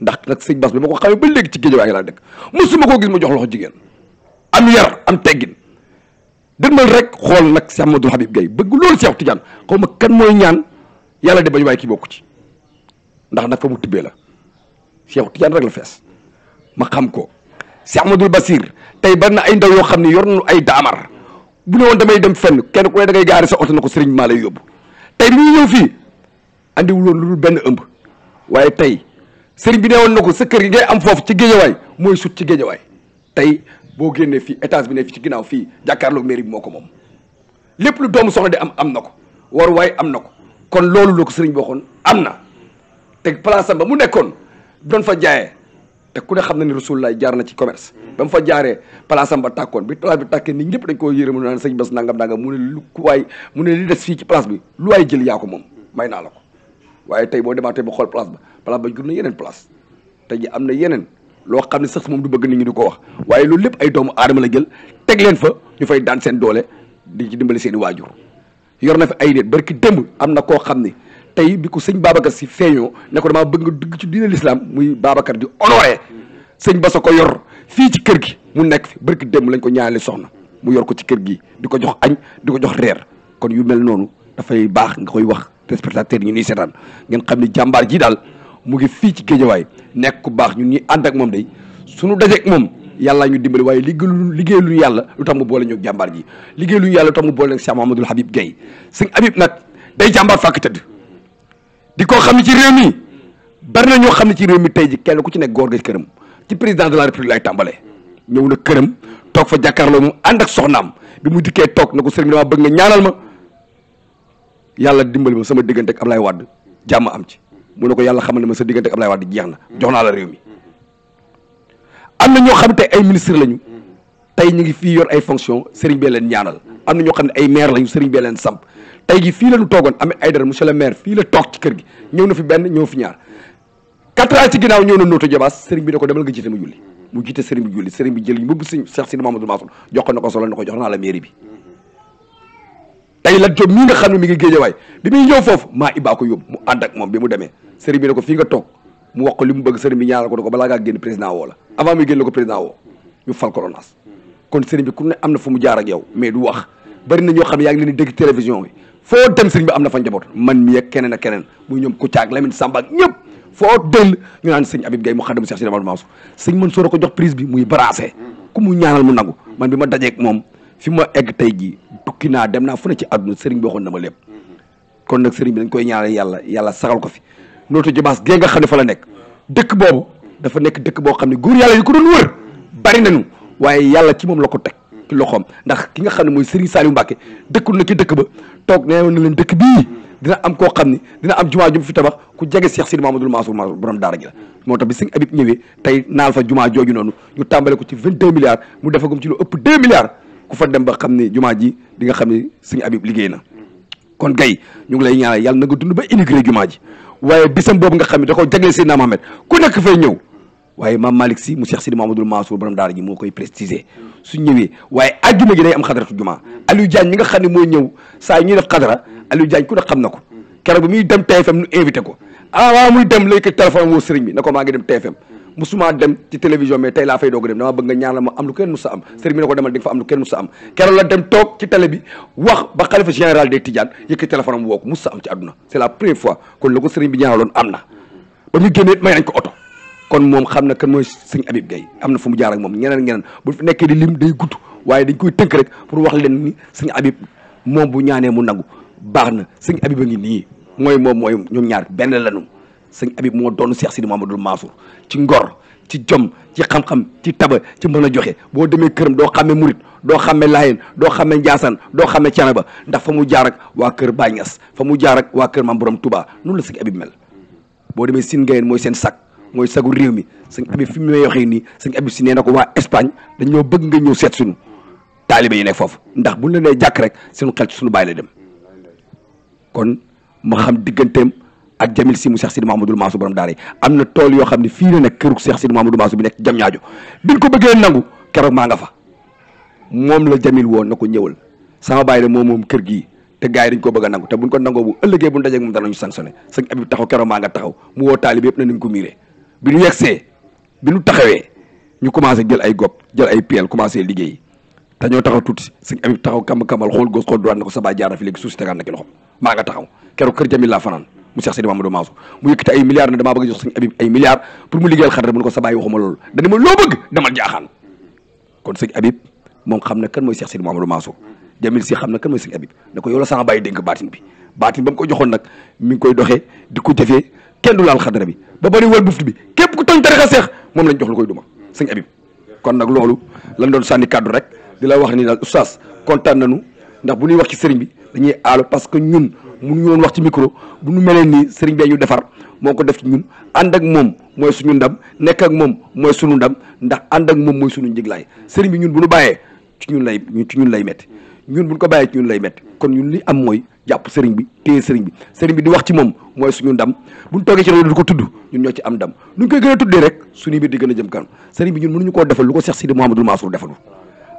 ndax nag sëñ Bass bi ma ko xamee ba léegi ci géejawaay laa dëkk mosuma koo gis mu jox loxo jigéen am yar am teggin dëgmal rek xool nag si Amadou Habib Gaye bëgg loolu Seex Tijaan xaw ma kan mooy ñaan yàlla de bañ waaye kii bokku ci ndax nag fa mu tibbee la Seex Tijaan rek la fees ma xam ko si Amadou Basir tey bari ay ndaw yoo xam ne yor nañu ay daamar bu ne woon damay dem fenn kenn ku ne da gaari sa oto na ko sëriñ maa lay yóbbu tey bi ñu ñëw fii andiwuloon lu benn ëmb waaye tey sëriñ bi ne woon na ko sa kër gi ngay am foofu ci géejawaay mooy su ci géejawaay boo génnee fii étage bi ne fii ci ginnaaw fii jàkkaarloog mairie bi moo ko moom lépp lu doomu soxna di am am na ko war waaye am na ko kon loolu look ko sëriñ bi am na te place ba mu nekkoon doon fa jaayee te ku ne xam na ni Rasulullah jaar na ci commerce ba mu fa jaaree place am ba tàkkoon bi place bi tàkkee nit ñëpp dañ ko yërëm naan sëñ bés nangam nangam mu ne lu waay mu ne li des fii ci place bi lu waay jël yaa ko moom may naa la ko waaye tey boo demaatee ba xool place ba place ba jur na yeneen place te ji am na yeneen loo xam ne sax moom du bëgg nit ñi di ko wax waaye loolu lépp ay doomu aadama la jël teg leen fa ñu fay daan seen doole di ci dimbali seen i waajur yor na fi ay nit barki démb am na koo xam ne tey bi ko sëñ Babacar si feeñoo ne ko damaa bëgg nga ci diine l'islam muy Babacar di honoré sëñ Basa ko yor fii ci kër gi mu nekk fi barki lañ ko ñaanali soxna mu yor ko ci kër gi di ko jox añ di ko jox reer kon yu mel noonu dafay baax nga koy wax téléspectateurs yi ñuy setaan ngeen xam ni jàmbaar ji daal mu ngi fii ci géejawaay nekk ku baax ñu ñuy ànd ak moom day suñu dajeek moom yàlla ñu dimbali waaye liggéey liggéey luñu yàlla lu tax mu boole ñoo jàmbaar ji liggéey luñu yàlla lu tax mu boole nag Cheikh Mahamadul Habib Gaye sëñ Habib nag day jàmbaar fàkk tëdd di koo xam ne ci réew mi bari na ñoo xam ne ci réew mi tey ji kenn ku ci nekk góor ga këram ci président de la république lay tàmbalee ñëw na këram toog fa jàkkaarloo moom ànd ak soxnaam bi mu dikkee toog na ko sëriñ bi dama bëgg nga ñaanal ma yàlla dimbali ma sama diggante ak Ablaye Wade jàmm am ci mu ne ko yàlla xamal ne ma sa diggante ak Abdoulaye Wade jeex na jox naa la réew mi am na ñoo xam te ay ministre lañu tey ñu ngi fii yor ay fonction sëriñ bee leen ñaanal am na ñoo xam ne ay maire lañu sëriñ bee leen samp tey gi fii la ñu toogoon Ahmed Aïdara monsieur le maire fii la toog ci kër gi ñëw na fi benn ñëw fi ñaar quatre ans ci ginnaaw ñëw na nooto jabaas sëriñ bi ne ko demal nga jiite mu julli mu jiite sëriñ bi julli sëriñ jël ñu bëgg sëriñ Cheikh Sidi Mamadou Mansour na ko solo na jox naa la mairie bi tey Lat Diop mii nga xam ne mi ngi géejawaay bi muy ñëw foofu maa ibaa ko yóbbu mu ànd moom bi mu demee sëriñ bi ne ko fii nga toog mu wax ko li mu bëgg sëriñ bi ñaanal ko ne ko balaa ngaa génn président woo la avant muy génn la ko président woo ñu fal ko ronaas kon sëriñ na fu mu jaar ak yow mais du wax bari na ñoo xam ne yaa ngi leen di dégg télévision bi foo am na fa njaboot man mi keneen ak keneen muy ñoom Kouthia ak Lamine Samba ñëpp foo dell ñu sëñ Habib Gaye mu xaddam Cheikh Sidi Mamadou Mansour sëñ Mansour ko jox prise bi muy brasé ku mu ñaanal mu nangu man bi ma dajeek moom fi ma egg tey jii tukki naa dem naa fu ne ci àdduna sëriñ bi waxoon na ma lépp kon nag sëriñ bi dañ koy ñaanal yàlla yàlla saxal ko fi nootu jobaas gee nga xam ne fa la nekk dëkk boobu dafa nekk dëkk boo xam ne góor yàlla yi ko doon wër bari waaye yàlla ci moom la ko teg ci ndax ki nga xam ne mooy sëriñ Saliou Mbacke dëkkul na ci dëkk ba toog nee na leen dëkk bii dina am koo xam ni dina am jumaa ju fi tabax ku jege Cheikh ma Mamadou Mansour Mansour borom daara ji la moo tax bi sëñ Habib ñëwee tey naal fa jumaa jooju noonu ñu tàmbale ko ci vingt deux milliards mu defagum ci lu ëpp deux milliards ku fa dem ba xam ni jumaa ji di nga xam ni suñu Habib liggéey na kon gay ñu ngi lay ñaanal yàlla na nga dund ba inauguré jumaa ji waaye bisam boobu nga xam ne da ko jagleel Seydina Mohamed ku nekk fay ñëw waaye maam Malick si mu Cheikh Sidi Mamadou Mansour borom daara ji moo koy précisé su ñëwee waaye àjjuma gi day am xadaratu jumaa Aliou Diagne mi nga xam ne mooy ñëw saa ñuy def xadara Aliou Diagne ku ne xam na ko keroog bi muy dem TFM nu invité ko ah waaw muy dem lay ko téléphone woo sëriñ bi na ko maa ngi dem TFM musuma dem ci télévision mais tey laa fay doog dem dama bëgg nga ñaanal ma am lu kenn musa am sëriñ bi ne ko demal di nga fa am lu kenn musa am keroog la dem toog ci télé bi wax ba xalifa général des Tidiane yëkk téléphone am woo ko musa am ci àdduna c'est la première fois kon la ko sëriñ bi ñaanaloon am na ko oto kon moom xam na kan mooy sëñ Habib am na fu mu jaar ak moom ñeneen ñeneen bu fi nekkee di lim day gudd waaye dañ koy tënk rek pour wax leen ni sëñ Habib moom bu ñaanee mu nagu baax na sëñ Habib ba ngi nii mooy moom mooy ñoom ñaar benn lanu sëñ Habib moo doon Cheikh Sidi Mouhamadoul maasu ci ngor ci jom ci xam-xam ci taba ci mën a joxe boo demee kër doo xam xàmme murit doo xam xàmme laayeen doo xam xàmme njaasaan doo xam xàmme canaba ndax fa mu jaar ak waa kër Baay Ñas fa mu jaar waa kër maam borom Touba noonu la sëñ Habib mel boo demee sin ngayeen mooy seen sag mooy sagu réew mi sëñ Habib fi mu may nii sëñ Habib si nee na ko waa Espagne dañoo bëgg nga ñëw seet suñu taalibe yi nekk foofu ndax buñ la jàkk rek seen xel ci suñu bàyyi dem kon xam digganteem ak jamil si mu Cheikh Sidi Mahamadou Mansour borom daara yi am na tool yoo xam ne fii la nekk këru Cheikh Sidi Mahamadou Mansour bi nekk jam ñaajo biñ ko bëggee nangu keroog maa fa moom la jamil woon na ko ñëwal sama bàyyi la moom moom kër gi te gars yi dañ ko bëgg a nangu te buñ ko nangoo bu ëllëgee buñ dajee moom danañu sanctionné sëñ Abib taxaw keroog woo taalib yëpp na nañ ko miiree bi ñu yegsee taxawee ñu commencé jël ay gop jël ay peel commencé liggéey te ñoo taxaw tuuti sëñ Abib taxaw kam kamal xool gos xool duwaan na ko sa laa fanaan mu Cheikh Seydi Mamadou Mansour mu yëkkati ay milliards ne damaa bëgg jox sëñ Habib ay milliards pour mu liggéeyal xadara mu ne ko sa bàyyi waxuma loolu dani ma loo bëgg demal jaaxaan kon sëñ Habib moom xam na kan mooy Cheikh Seydi Mamadou Mansour Jamil si xam na kan mooy sëñ Habib ne ko yow la sama baatin bi ba mu ko joxoon ba bari wal buftu bi képp ku tooñ tarixa seex moom lañ jox koy duma sëñ Habib kon nag loolu lañ doon sànni kàddu rek di la wax ni daal mënuñu woon wax ci micro bu ñu melee nii sëriñ bee ñu defar moo ko def ci ñun ànd ak moom mooy suñu ndam nekk ak moom mooy suñu ndam ndax ànd ak moom mooy suñu njiglaay sëriñ bi ñun bu ñu bàyyee ci ñun lay ci ñun lay metti ñun bu ñu ko bàyyee ci ñun lay metti kon ñun li am mooy jàpp sëriñ bi téye sëriñ bi sëriñ bi di wax ci moom mooy suñu ndam bu ñu toogee ci rajo di ko tudd ñun ñoo ci am ndam lu ñu koy gën tuddee rek suñu bi di gën jëm kanam sëriñ bi ñun mënuñu koo defal lu ko Cheikh Sidi Mouhamadou Mansour defalul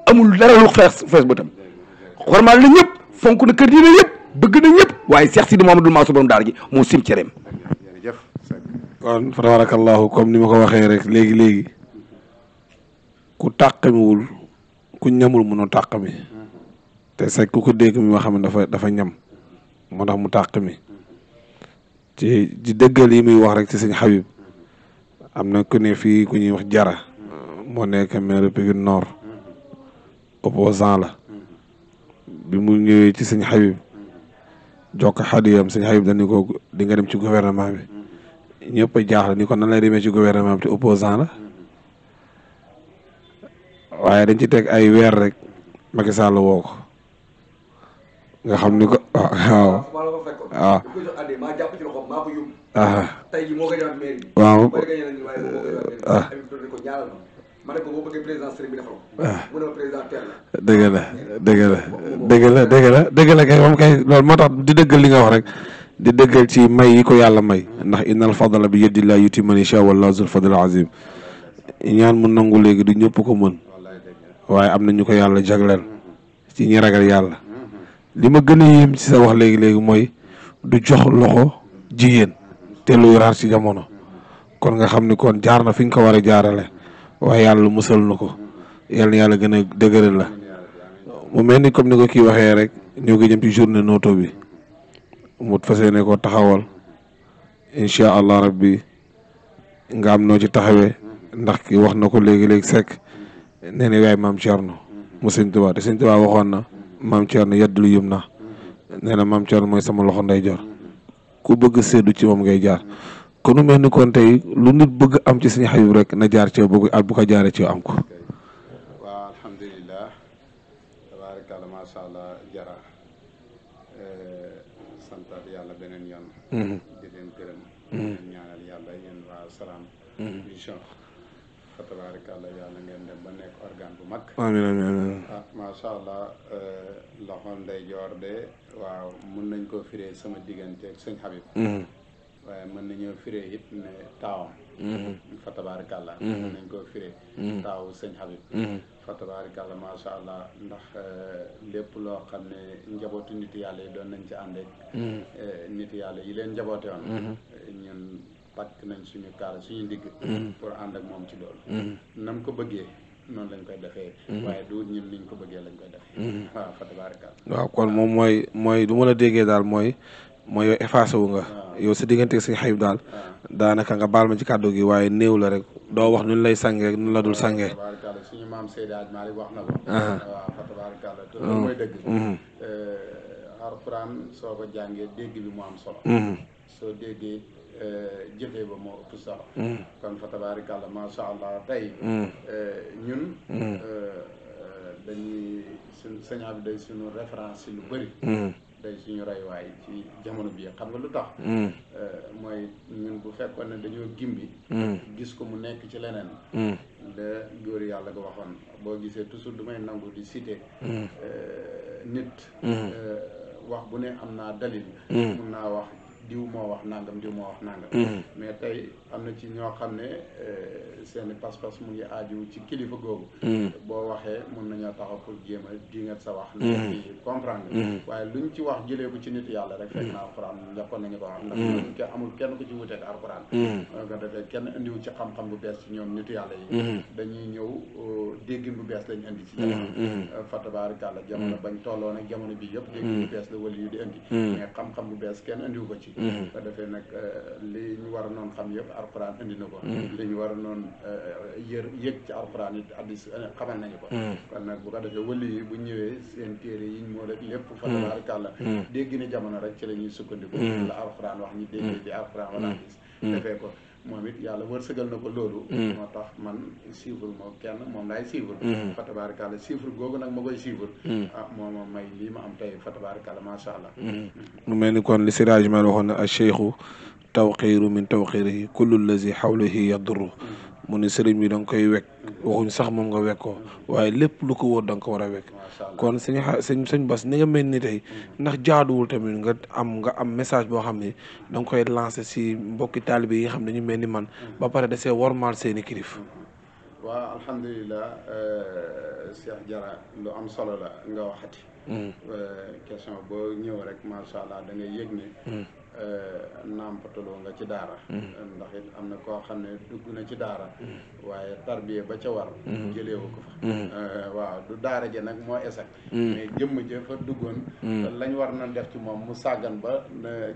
amul dara lu fees fees bëtam xormaal na ñëpp fonk na kër diine yëpp bëgg na ñëpp waaye Cheikh Sidi Mouhamadoul Mansour borom daara ji moo sim cereem. jërëjëf kon fa tabarakallahu comme ni ma ko waxee rek léegi léegi ku tàqamiwul ku ñamul mënoo tàqami te sax ku ko dégg mi nga xam dafa dafa ñam moo tax mu tàqami ci ci dëggal yi muy wax rek ci sëñ Habib am na ku ne fii ku ñuy wax jara moo nekk maire Pikine Nord opposant la bi mu ñëwee ci sëñ Habib jokk xadiyam sëñ Habib dañu ko di nga dem ci gouvernement bi ñëpp a jaaxle ni ko lay demee ci gouvernement bi te opposant la waaye dañ ci teg ay weer rek Macky Sall nga xam ni ko waaw ah. Ah. waaw waaw ma ne ko boo bëggee président sëriñ bi defal ah. la. dëgg la dëgg la dëgg la dëgg dëgg li nga wax rek. di dëggal ci may yi ko yàlla may. ndax innal fadla bi yadillah yuti man insha wallahu zul fadl azim ñaan mu nangu léegi du ñëpp ko mën. waaye am na ñu ko yàlla jagleel. ci ñi ragal yàlla. li ma gën a yéem ci sa wax léegi léegi mooy du jox loxo jigéen. te luy raar ci jamono. kon nga xam ni kon jaar na fi nga ko war a jaarale. waaye yàlla musal na ko yàlla yàlla gën a dëgëral la mu mel ni comme ni ko kii waxee rek ñoo ngi jëm ci journée noto bi mu fas yéene ko taxawal incha allah rabbi nga am noo ci taxawee ndax ki wax na ko léegi-léegi sekk nee na yaay maam Thierno mu sëñ Tuubaa te sëñ Tuubaa waxoon na maam Thierno yaddu lu yum na nee na maam Thierno mooy sama loxo ndeyjoor ku bëgg séddu ci moom ngay jaar konu mel ni kon tey lu nit bëgg am ci sëñ Habib rek na jaar ci bëgg at bu ko jaaree ci am ko. waaw alhamdulilah tabaarakallaah macha allah jara eh, santaat yàlla beneen yoon. Mm-hmm. di leen gërëm. Mm-hmm. ñaanal yàlla yéen waa salaam. Mm-hmm. ngeen ba nekk organe bu mag. amiin ah, allah eh, loxoom day joor de waaw mun nañ koo firee sama digganteeg sëñ Habib. waaye mën nañoo firee it ne taawam mhm. fa tabaarikàlla mhm. mën nañ koo firee mhm. taaw sëñ Habib fa tabaarikàlla macha allah ndax eh, lépp loo xam ne njabootu nit yàlla yi doon nañ ci àndeek eh, nit yi leen njaboote woon eh, ñun pàcc nañ suñu kaala suñu ndigg pour ànd moom ci loolu nam ko bëggee noonu lañ koy defee waaye du ñun niñ ko bëggee lañ koy defee waaw fa waaw kon moom mooy mooy du ma la déggee daal mooy mooy yow effacé wu nga yow si diggante si xayib daal daanaka nga baal ma ci kàddu gi waaye néew la rek doo wax nun lay sànge rek la dul sànge suñu maam Seydi Aj Maalik wax na ko waaw fa mm-hmm. Mm-hmm. Eh, soo ko jàngee dégg bi mu am solo mm-hmm. soo déggee eh, jëfee ba moo ëpp solo kon fa tabaarkalla macha allah tey eh, ñun dañuy suñ sëñ bi day suñu référence si lu bari day suñu royuwaay ci jamono bii xam nga lu tax. Mm. Euh, mooy ñun bu fekkoon ne dañoo gimbi. Mm. gis ko mu nekk ci leneen. da mm. góor yàlla ga waxoon boo gisee toujours du may nangu di cité. Euh, nit. Euh, wax bu ne am naa dalil. mun naa wax diw moo wax nangam diw moo wax nangam. mais tey. am na ci ñoo xam ne euh, seen pas-pas mu ngi aaju ci kilifa googu. Mm. boo waxee mun nañoo taxaw pour jéem a dingat sa wax. Mm. na ci comprendre. Mm. waaye luñ ci wax jëlee ko ci nit yàlla rek. fekk na alxuraan njëkkoon nañu ko amul kenn ku ci wuteeg alxuraan. nga defee kenn indiwu ci xam-xam bu bees ci ñoom nitu yàlla yi. dañuy ñëw euh, déggin bu bees lañ indi. ci jamono euh, fatabaarikàlla jamono bañ tolloo nag jamono bi yëpp. déggin bu bees la wala yu di indi. mais xam-xam bu bees kenn indiwu ko ci. nga defee nag li ñu war a noon xam yëpp. alquran indi na ko mm. li ñu war a noonu eh, yër yëg ci alquran it addis eh, xamal nañu ko mm. kon nag bu ko defee wëli yi bu ñëwee seen téere yi moo rek lépp fatabaarkàlla mm. dégg ni jamono rek ci la ñuy sukkandiku la alquran wax ñu dégg ci alquran wala addis defee ko moom it yàlla wërsëgal na ko loolu mm. moo tax man suivre moo kenn moom laay suivre mm. fa tabaarkalla suivre googu nag ma koy suivre mm. ah moom ma may lii ma am tey fa tabaarkalla macha allah mu mel ni kon li si rajo man waxoon na a cheikhu tawxiiru min tawxiirihi kullu lazi xawlihi yadurru mu ne sëriñ bi da nga koy wekk waxuñ sax moom nga wekk waaye lépp lu ko wóor da nga ko war a wekk kon sëñ sëñ sëñ Bass ni nga mel ni tey ndax jaaduwul tamit nga am nga am message boo xam ne da nga koy lancé si mbokki taalibe yi nga xam ne ñu mel ni man mm. ba pare da see wormaal seen i kilif mm. waaw alhamdulilah euh, Cheikh Jara lu am solo la nga waxati mm. euh, question boo ñëw rek macha allah da ngay yëg ne Euh, nàmpataloo nga ci daara mm-hmm. ndax am na koo xam ne dugg na ci daara mm-hmm. waaye tarbiya ba ca war mm-hmm. jëleewu ko fa euh, waaw du daara ja nag moo esag mais jëmm ja fa duggoon lañ war na def ci moom mu sàggan ba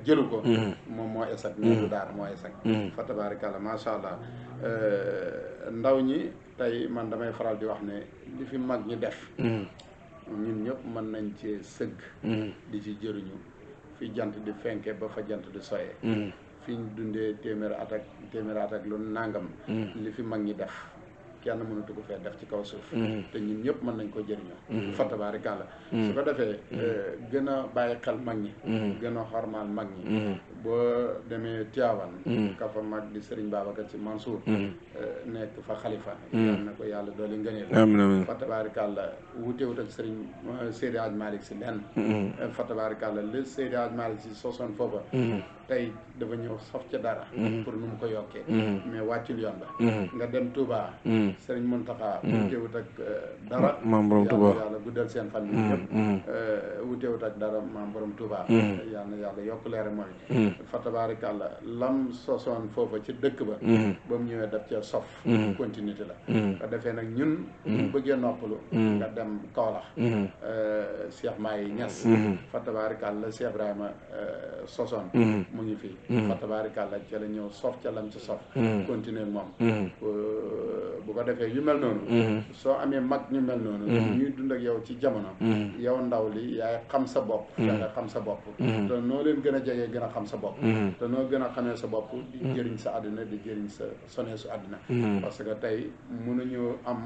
jëlu ko moom moo esag mais du daara moo esag fa tabaarikàlla macha allah euh, ndaw ñi tey man damay faral di wax ne li fi mag ñi def ñun ñëpp mën nañ cee sëgg di ci jëriñu fi jant di fenke ba fa jant di soyee mm. fi ñu dundee téeméer at ak nangam mm. fi mag ñi def kenn mënatu ko fee def ci kaw suuf mm-hmm. te ñun ñëpp mën nañ ko jëriñoo mm-hmm. fatabaarikàlla mm-hmm. su ko defee euh, gën a bàyyi xel mag ñi gën a xormaal mag ñi boo demee Tiwaawan ka mag di Sëriñ Babacar Sy Mansour euh, nekk fa xalifa yal na ko yàlla doole ngëneel fatabaarikàlla wutewut ak Sëriñ euh, Seydi Hadj Malick Sy lenn fatabaarikàlla li Seydi Hadj Malick Sy sosoon foofa tey dafa ñëw sof ca dara mm-hmm. pour nu mu ko yokkee mm-hmm. mais wàccul yoon la mm-hmm. nga dem Touba Serigne Mountakha wutewut ak dara maam borom Touba yàlla guddal seen fan yi yëpp wutewut ak dara maam borom Touba yàlla na yàlla yokk leere mooy fa tabaarikàlla lam sosoon foofa ci dëkk ba ba mu ñëwee def cee sof continuité la nga defee nag ñun ñu bëggee noppalu nga dem Kaolack euh, Cheikh Maye Niass fa la Cheikh Ibrahima euh, sosoon mu ngi fii hmm. fa tabaarikàlla ca la ñëw sof ca lam ci sof hmm. continuer moom hmm. euh, bu ko defee yu mel noonu soo amee mag ñu mel noonu ñuy dund ak yow ci jamono yow ndaw li yaay xam sa bopp da xam sa bopp te noo leen gën a jegee gën a xam sa bopp te noo gën a xamee sa bopp di jëriñ sa àddina di jëriñ sa sone àddina parce que tey mënuñu am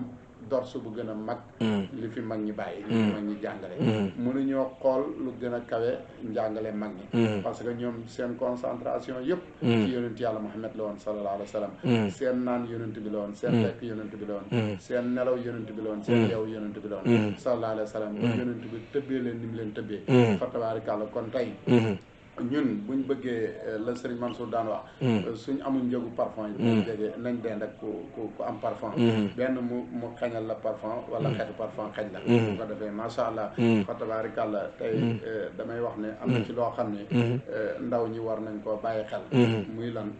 dors bu gën a mag mm. li fi mag ñi bàyyi li fi mm. mag ñi jàngale mm. mënuñoo xool lu gën a kawe njàngale mag ñi parce que ñoom seen concentration yëpp ci yonent yàlla Muhammad la woon sallallahu alayhi wa sallam seen naan yonent bi la woon seen lekk yonent bi la woon seen nelaw yonent bi la woon seen yeew yonent bi la woon sallallahu alayhi tëbbee leen ni leen tëbbee fa tabaarikàlla kon tey ñun buñ bëggee euh, la Serigne Mansour daan wax mm. euh, suñ amul njëgu parfum yi mm. jege nañ dend ak ku ku ku am parfum mm. benn mu mu xañal la parfum wala xeetu parfum xañ la bu ko defee macha allah fa tabarakallah tey euh, damay wax ne am na ci loo xam ne ndaw ñi war nañ koo bàyyi xel muy lan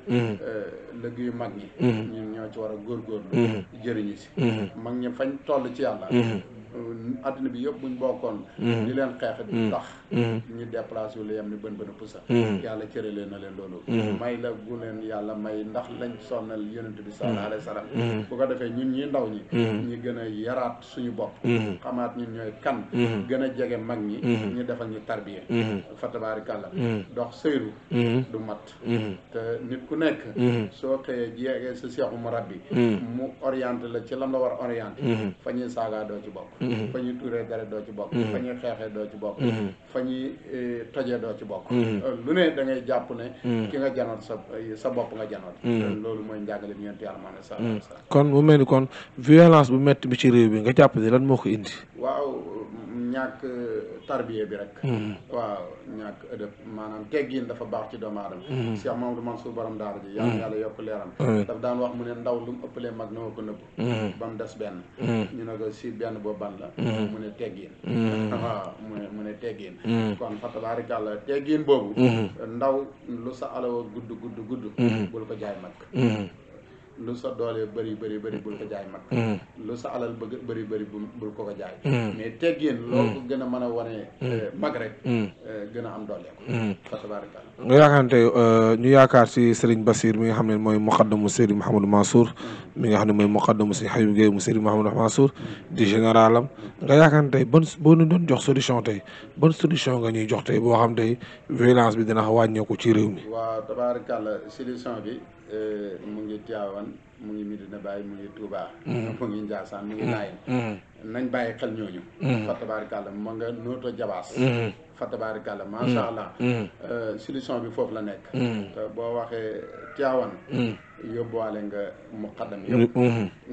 lëgg yu mag ñi ñoo ci war a góorgóorlu jëriñu si mag ñi fañ toll ci yàlla adduna bi yëpp buñ bokkoon di leen xeex di tax Mm-hmm. ñu déplacé wu la yem ni bën bën a pusa mm-hmm. yàlla cëralee na leen loolu mm-hmm. may la gu leen yàlla may ndax lañ sonnal yonent bi sallallahu alayhi wa sallam bu ko defee ñun ñi ndaw ñi ñi gën a yaraat suñu bopp xamaat ñun ñooy kan gën a jege mag ñi ñu defal ñu tarbiye fa tabaarikàlla dox sëyru du mat te nit ku nekk soo xëyee jeegee si seexu mu rabbi mu orienté la ci lam la war orienté fa ñuy saagaa doo ci bokk fa ñuy tuuree dara doo ci bokk fa ñuy xeexee doo ci fa ñuy eh, tojee doo ci bokk mm-hmm. euh, lu ne da ngay jàpp ne mm-hmm. ki nga janoot sa eh, sa bopp nga janoot mm-hmm. loolu mooy njàngale bi ñeenti yàlla maanaam sa kon mu mel ni kon violence bu métti bi ci réew bi nga jàpp ne lan moo ko indi waaw ñàkk euh, tarbiya bi rek hmm. waaw ñàkk ëdëb maanaam teggiin dafa baax ci doomu aadama hmm. Cheikh Mamadou Mansour borom daara ji yàlla hmm. yàlla yokk leeram daf daan wax mu ne ndaw lu mu ëppalee mag na ko nëbb ba mu des benn ñu ne ko si benn boo ban la mu ne teggiin [laughs] waaw mu ne mu ne teggiin kon fatabaarikàlla teggiin boobu ndaw lu sa alawoo gudd gudd gudd bul ko jaay mag lu sa doole bëri bëri bëri bul ko jaay mag mm. lu sa alal bëgg bëri bëri bul ko ko jaay mm. mais teggin mm. loolu gën mën a wane euh, mag rek euh, gën a am doole ko fa tabaarkalla nga yaakaarante euh, ñu yaakaar si Serigne Bassir mi nga xam ne mooy muqaddamu Serigne Mouhamadou Mansour mi nga xam ne mooy muqaddamu si Habib Gueye mu Serigne Mouhamadou Mansour di général am nga yaakaar tey ban boo ñu doon jox solution tey ban solution nga ñuy jox tey boo xam tey violence bi dana xa wàññeeku ci réew mi waaw tabaarkalla solution bi mu ngi Tiwaawan mu ngi na Baye mu ngi Touba. Mm-hmm. [laughs] mu ngi Ndiassane mu ngi mm-hmm. Layène mm-hmm. nañ bàyyi xel ñooñu mm-hmm. fatabaarikàlla ma nga nooto jabaas mm-hmm. fatabaarikàlla macha mm-hmm. allah euh, solution bi foofu la nekk te euh, boo waxee Tiwaawan yóbbuwaale nga muqaddam yëpp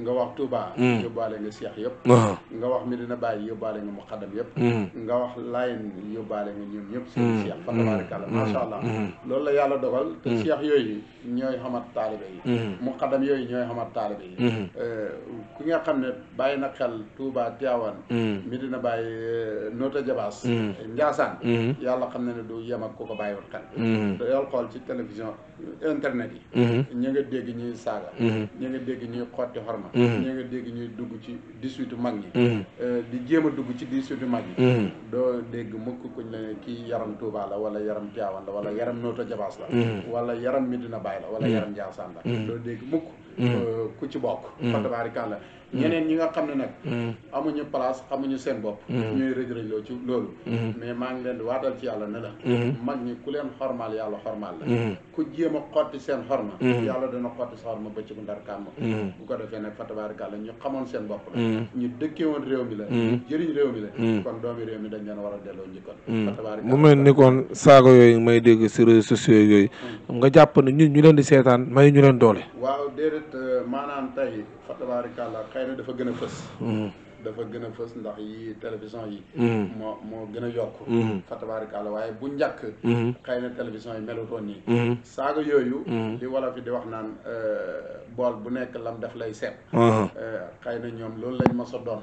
nga wax Touba yóbbuwaale nga Cheikh yëpp uh-huh. nga wax Medina Baye yóbbuwaale nga muqaddam yëpp nga wax Layen yóbbuwaale nga ñoom ñëpp seen Cheikh fatabaarikàlla macha allah loolu la yàlla dogal te Cheikh yooyu ñooy xamat taalibe yi muqaddam yooyu ñooy xamat taalibe yi euh, ki nga xam ne bàyyi na xel Touba Touba Tivaouane mm. Medina Baye euh, Notto Diobass mm. Ndiassane mm-hmm. yàlla xam na ne du yem ak ku ko bàyyiwul xel dayol mm-hmm. xool ci télévision internet yi mm-hmm. ñu nga dégg ñuy saaga ñu nga dégg ñuy xotti xorma ñu nga dégg ñuy dugg ci dix-huit mag ñi euh, di jéem dugg ci dix-huit mag ñi doo dégg mukk kuñ la ne kii yaram Touba la wala yaram Tivaouane la wala yaram Notto Diobass la wala yaram Medina Baye la wala yaram doo dégg mukk euh, ku ci bokk fa tabaarikàlla Mm. ñeneen ñi nga xam ne nag mm. amuñu place amuñu seen bopp mm. ñuy rëj-rëj loo ci loolu mais maa ngi leen di waatal ci yàlla ne la mag ñi ku leen xormaal yàlla xormaal la ku jéem a xotti seen xorma yàlla dana xotti sa xorma bëccëgu ndar kàmm bu ko defee nag fatabaarikàlla ñu xamoon seen bopp la ñu dëkkee woon réew mi la ñu jëriñ réew mi la kon doomi réew mi dañ leen war a delloo njëkkal fatabaarikàlla mu mel ni kon saago yooyu may dégg sur réseaux sociaux yooyu nga jàpp ne ñun ñu xëy na dafa gën a fës. Mhm. dafa gën a fës ndax yi télévision yi. Mhm. moo moo gën a yokk. Mhm. fatabaarikàlla waaye bu njëkk. xëy na télévision yi melutoon nii. saaga yooyu. li wolof yi di wax naan euh, bool bu nekk lam daf lay seet. Euh, xëy na ñoom loolu lañ mos a doon.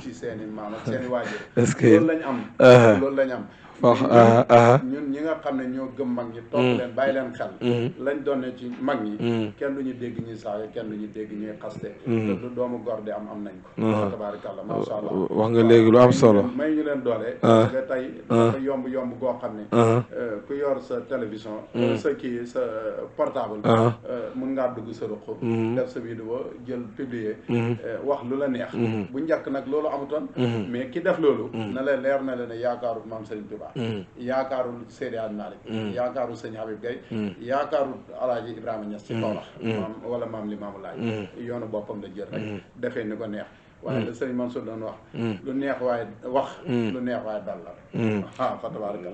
ci seen i maam waajur. loolu lañ am. Uh-huh. loolu lañ am. wax ñun ñi nga xam ne ñoo gëm mag ñi topp mm. leen bàyyi leen xel mm-hmm. lañ doon ci mag ñi mm. kenn lu ñu dégg ñuy saaga kenn du ñu dégg ñuy xaste lu mm-hmm. doomu góor di am am nañ ko mm-hmm. tabarakallah masha wax nga léegi lu am solo may ñu leen doole nga ah. tey ah. yomb yomb goo xam ne ah. euh, ku yor sa télévision mm. euh, sa kii sa euh, portable mën ngaa dugg sa ruq def sa vidéo jël publier wax lu la neex bu njëkk nag loolu amutoon mais ki def loolu na la leer na la ne yaakaaru maam Serigne Touba Mm. yaakaaru Seydi Hadj Malick mm. yaakaaru sëñ Habib Gaye mm. yaakaaru alaaji a Niass ci Kaolack maam wala maam li maamu yoonu boppam la jël rek defee ni ko neex waaye la sëñ Mansour doon wax lu neex waaye wax lu neex waaye dal la ah fa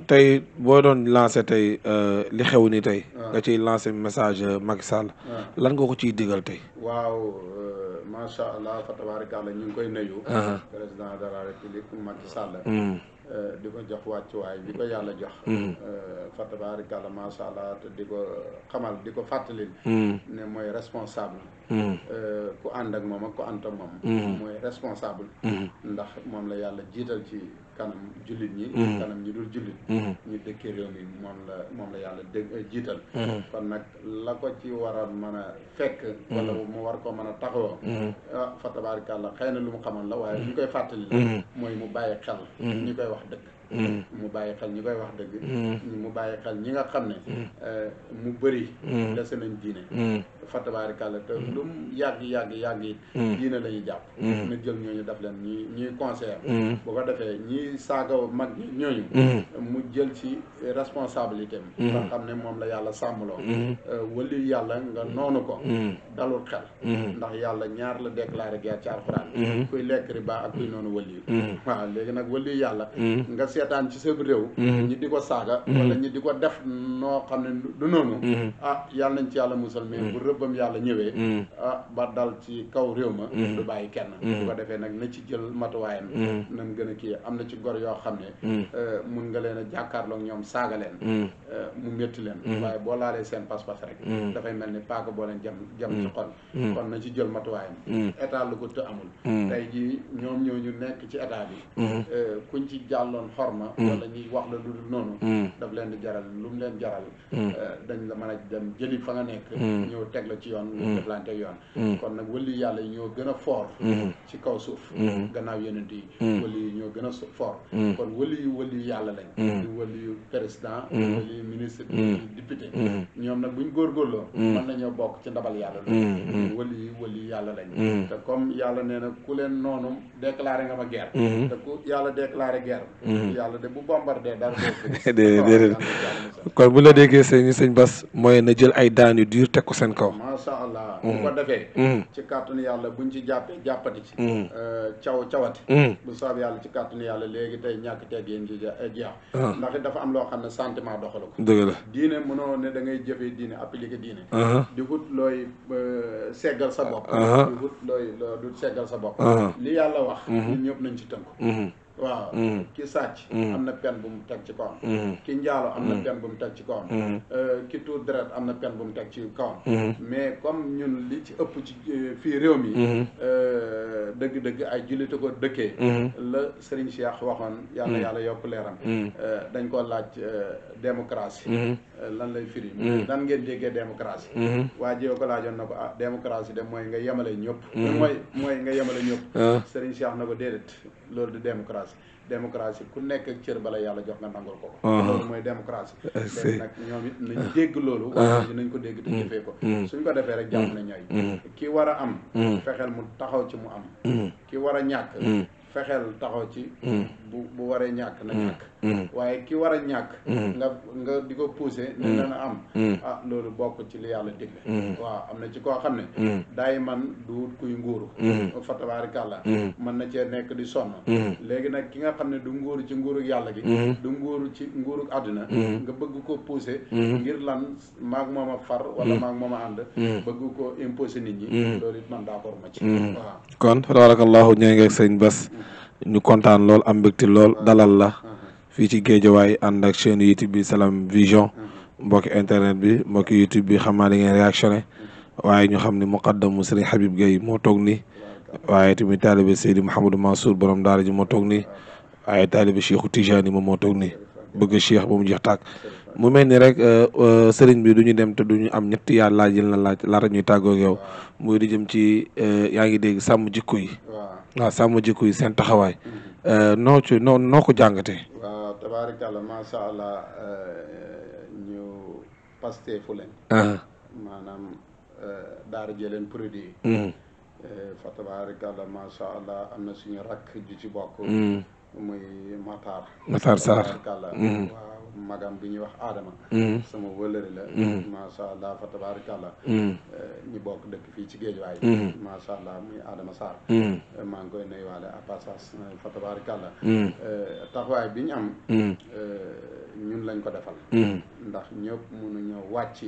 tey boo doon lancé tey euh, li xew ni tey ah. nga ci lancé message euh, Macky Sall ah. lan nga ko ci digal tey waaw euh, macha allah fa tabaaraka la ñu ngi koy nuyu ah. président de la république Macky Sall Euh, di ko jox wàccuwaay di ko yàlla jox mm-hmm. euh, fa tabaarikàlla macha allah di ko xamal di ko fàttalil mm-hmm. ne mooy responsable mm-hmm. euh, ku ànd ak moom ak ku ànd moom mooy responsable ndax moom la yàlla jiital ci kanam jullit ñi mm-hmm. kanam ñi dul jullit mm-hmm. ñu dëkkee réew mi moom la moom la yàlla dëgg euh, jiital mm-hmm. kon nag la ko ci war a mën a fekk wala mu war koo mën a taxawoo ah fa tabaarikàlla xëy na lu mu xamoon la waaye ñu koy fàttali la mooy mu bàyyi xel ñi koy wax dëgg mu bàyyi xel ñi koy wax dëgg mu bàyyi xel ñi nga xam ne euh, mu bëri dese nañ diine fatabaarikàlla te mm-hmm. lu mu yàgg yàgg yàgg it mm-hmm. diine la ñuy jàpp mm-hmm. na jël ñooñu daf leen ñuy ñuy conseil bu ko defee ñuy saaga mag ñooñu mu jël ci responsabilité mi nga xam ne moom la yàlla sàmmloo euh, wëliyu yàlla nga noonu ko dalul xel ndax yàlla ñaar la déclaré guerre ci alxuraan kuy lekk riba ak kuy noonu wëliyu waaw léegi nag wëliyu yàlla nga seetaan ci sa réew ñi di ko saaga wala ñi di ko def noo xam ne du noonu ah yàlla nañ ci yàlla musal bu rëbb yóbbam yàlla ñëwee mm. ah ba dal ci kaw réew ma mm. du bàyyi kenn bu mm. ko defee nag na ci jël matuwaayam nan gën a kii am na ci gor yoo xam ne euh, mun nga leen a ñoom saaga leen euh, mu métti leen waaye boo laalee seen pas-pas rek dafay mel ni paaka boo leen jam jam ci xol bi euh, kuñ ci jàlloon xorma wala ñuy wax la lu dul noonu daf leen di jaral lu mu leen jaral dañ la mën a dem jëli fa nga nekk ñëw teg teg la ci yoon ñu mm. deflante yoon mm. kon nag wëli yàlla yi ñoo gën a fort mm-hmm. ci kaw suuf mm-hmm. gannaaw yenent yi mm. wëli yi ñoo gën a fort kon wëli yu wëli yu yàlla lañ di wëli yu président wëli yu ministre ci ndabal yàlla la wëli yu wëli yu yàlla lañ te comme yàlla nee ku leen noonu déclaré nga ma guerre mm-hmm. te ku yàlla déclaré guerre yàlla de bu bombardé dara [laughs] déedéet [laughs] kon bu la déggee sëñ sëñ Bass mooy na jël ay daan yu dur teg seen kaw waaw macha allah. bu mm. ko defee. Mm. ci kàttanu yàlla buñ ci jàppee jàppati ci. Mm. Euh, caw cawati. bu soob yàlla ci kàttanu yàlla léegi tey ñàkk teg yéen di eh, jeex. Ah. ndax dafa am loo xam ne sentiment doxalu ko. dëgg la diine mënoo ne da ngay jëfee diine appliqué diine. Ah. di wut looy euh, seggal sa bopp. Ah. di wut looy du seggal sa bopp. li yàlla wax. Mm-hmm. ñun ñëpp nañ ci tënku. Mm-hmm. waaw mm-hmm. ki sàcc mm-hmm. am na pen bu mu teg ci kawam mm-hmm. ki njaalo am na pen bu mu teg ci kawam euh, ki tuur deret am na pen bu mu teg ci kawam mais comme ñun li ci ëpp ci euh, fii réew mi euh, dëgg-dëgg ay jullite ko dëkkee la Serigne Cheikh waxoon yàlla yàlla yokk leeram dañ ko laaj démocratie lan lay firi lan ngeen déggee démocratie waa ji ko laajoon na ko ah démocratie de mooy nga yemale ñëpp mooy mooy nga yemale ñëpp ah. Serigne Cheikh na ko déedéet loolu du démocratie démocratie ku nekk ak cër bala yàlla jox nga nangul ko ko uh-huh. loolu mooy démocratie léegi nag ñoom it nañ dégg loolu uh-huh. wax nañ ko dégg te mm-hmm. jëfee ko mm-hmm. suñ ko defee rek jàpp na ñooy mm-hmm. ki war a am fexeel mu taxaw ci mu am ki war a ñàkk fexeel taxaw ci bu bu waree ñàkk na ñàkk Mm. waaye ki war a ñàkk. Mm. nga nga di ko poussé. Mm. ne na nga am. Ah, loolu bokk ci li yàlla digle. waaw am na ci koo xam ne. daay man du wut kuy nguuru. fa tabaarikàlla. mën na cee nekk di sonn. léegi nag ki nga xam ne du nguuru ci nguuru yàlla gi. du nguuru ci nguuru àddina. nga bëgg ko poussé. ngir lan maag moom a far wala maag moom a ànd. bëgg ko imposé nit ñi. loolu it man d'accord ma ci. kon fa tabaarikàllaahu ñëw ngeeg sëñ Bass ñu kontaan lool am mbégte lool ah. dalal la. Ah. fii ci Géejawaay ànd ak chaîne YouTube bi Salam Vision mbokki internet bi mbokki YouTube bi xam naa da ngeen réactionné waaye ñu xam ne muqaddamu Serigne Habib Gueye moo toog nii waaye tamit taalibe Seydi Mouhamadou Mansour borom daara ji moo toog ni waaye taalibe Cheikhu Tijani moom moo toog nii bëgg Cheikh ba mu jeex tàkk mu mel ni rek euh, euh, sëriñ bi du ñu dem te du ñu am ñetti yaa laaj yil na laaj laata ñuy tàggoo ak yow muy di jëm ci euh, yaa ngi dégg sàmm jikko yi waaw sàmm jikko yi seen taxawaay mm-hmm. Eh, noo ci noo noo ko jàngatee. waaw macha allah eh, ñu paste fu leen. Ah. maanaam eh, daara jëleen produit. Mm. fa tabaarikàlla macha allah am na suñu rakk ju ci bokk. Mm. muy Matar. Matar Sarr mm-hmm. waaw magam bi ñuy wax Adama. Mm-hmm. sama wëllëri la. Mm-hmm. macha allah fa tabarakallah eh, ñu bokk dëkk fii ci Géejawaay. macha allah muy Adama Sarr. Eh, maa ngi koy nuyuwaale à passage eh, fa tabarakallah taxawaay bi ñu am. ñun lañ ko defal. ndax ñëpp mënu ñëw wàcc.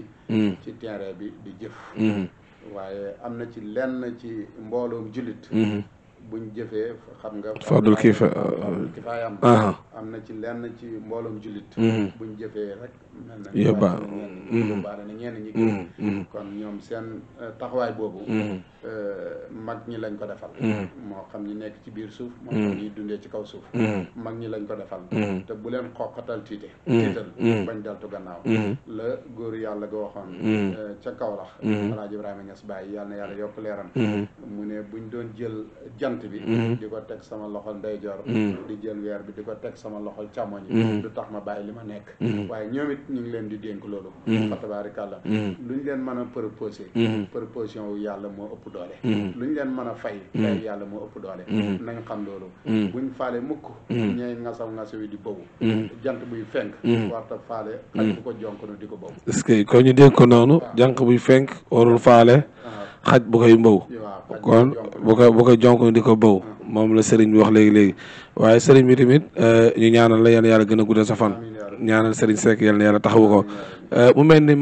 ci terrain bi di jëf. waaye am na ci lenn ci mbooloom jullit. buñ jëfee xam nga. fadul kii fa ah, kifaaya ah, ah. am na ci lenn ci mbooloom jullit. Mm-hmm. buñ jëfee rek. yóbbaa mm-hmm. yóbbaale na ñenn ñi. Mm-hmm. kon ñoom seen eh, taxawaay boobu. Euh, mag ñi lañ ko defal mm-hmm. moo xam ñi nekk ci biir suuf moo mm-hmm. xam ñi dundee ci kaw suuf mm-hmm. mag ñi lañ ko defal te bu leen xoqatal tiite tiital bañ deltu gannaaw la góor yàlla ga waxoon euh, ca Kawlax Alaaji Ibrahima Ñas Baay yàlla na yàlla yokk leeram mu ne buñ doon jël jant bi di ko teg sama loxol ndeyjoor di jël weer bi di ko teg sama loxol càmmoñ yi du tax ma bàyyi li ma nekk waaye ñoom it ñu ngi leen di dénk loolu fa tabaarikàlla luñ leen mën a proposé proposition wu yàlla moo ëpp ëpp doole mm-hmm. ñu leen mën a fay fay mm-hmm. yàlla moo doole mm-hmm. nañ xam loolu buñ faale mukk ñee ngasaw ngasaw yi di bobu jant buy fenk warta faale bu ko jonkonu di ko bobu est que ko ñu dénk ko noonu jànq buy fenk warul faale xaj bu koy mbow kon bu ko bu koy jonkonu di ko bow moom la seriñ bi wax léegi léegi waaye sëriñ bi tamit euh, ñu ñaanal la yal na gën a guddal sa fan ñaanal sëriñ Seck yal na yàlla taxawu ko euh, mu mel ni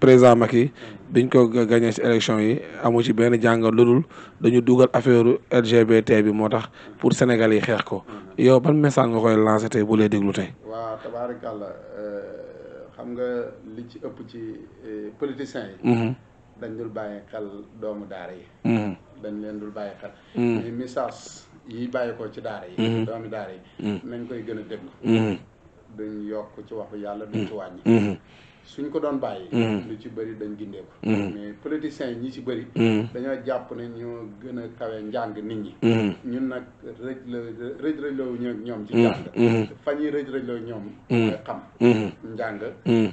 président Macky biñ ko gagné ci élection yi amu ci benn jàngat lu dul dañu dugal affaire LGBT bi moo tax pour Sénégal yi xeex ko yow ban message nga koy lancé tey bu lay déglu tey. waaw tabaarkalla euh, xam nga li ci ëpp ci euh, politiciens yi. Mm-hmm. dañ dul bàyyi xel doomu daara yi. Mm-hmm. dañ leen dul bàyyi xel. mais mm-hmm. message yi bàyyi ko ci daara yi. doomu daara yi. nañ koy gën a déglu. duñ yokk ci waxu yàlla duñ ci wàññi. suñ ko doon bàyyi. Mm-hmm. lu ci bëri dañ gindeeku. Mm-hmm. mais politiciens yi ñi ci bëri. Mm-hmm. dañoo jàpp na ñoo gën a kawe njàng nit ñi. ñun nag rëj la rëj rëjloo ñoom. ci njàng. fa ñuy rëj rëjloo ñoom. xam. njàng.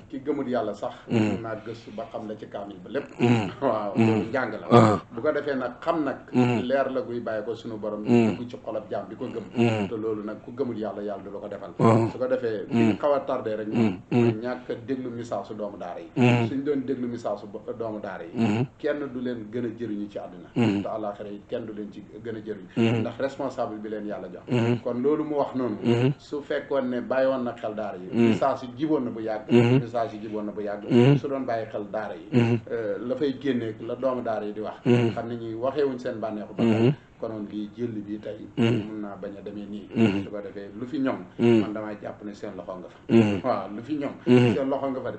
ki gëmut yàlla sax. mun naa gëstu ba xam la ci kaamil ba lépp. [laughs] waaw njàng la. Uh-huh. bu ko defee nag xam nag. leer la guy bàyyi ko sunu borom. dugg ci xolab jaam bi ko gëm. te loolu nag ku gëmul yàlla yàlla du la ko defal. Uh-huh. su ko defee. bi ñu xaw a ñàkk déglu misaal. su doomu daara yi mhm. suñ doon déglu message su doomu daara yi mhm. kenn du leen gën a jëriñu ci àdduna mhm. te àllaaxira yi kenn du leen ci gën a jëriñu ndax responsable bi leen yàlla jox kon loolu mu wax noonu su fekkoon ne bàyyi woon na xel daara yi message yi jiboon na bu yàgg message yi jiboon na bu yàgg su doon bàyyi xel daara yi euh, la fay génneeg la doomu daara yi di wax xam ne ñuy waxeewuñ seen bànneexu ba konoon lii jëll bi tey mm. mun naa bañ a demee nii mm. su lu fi ñoom mm. man jàpp ne seen loxo nga fa waaw lu fi ñoom seen loxo nga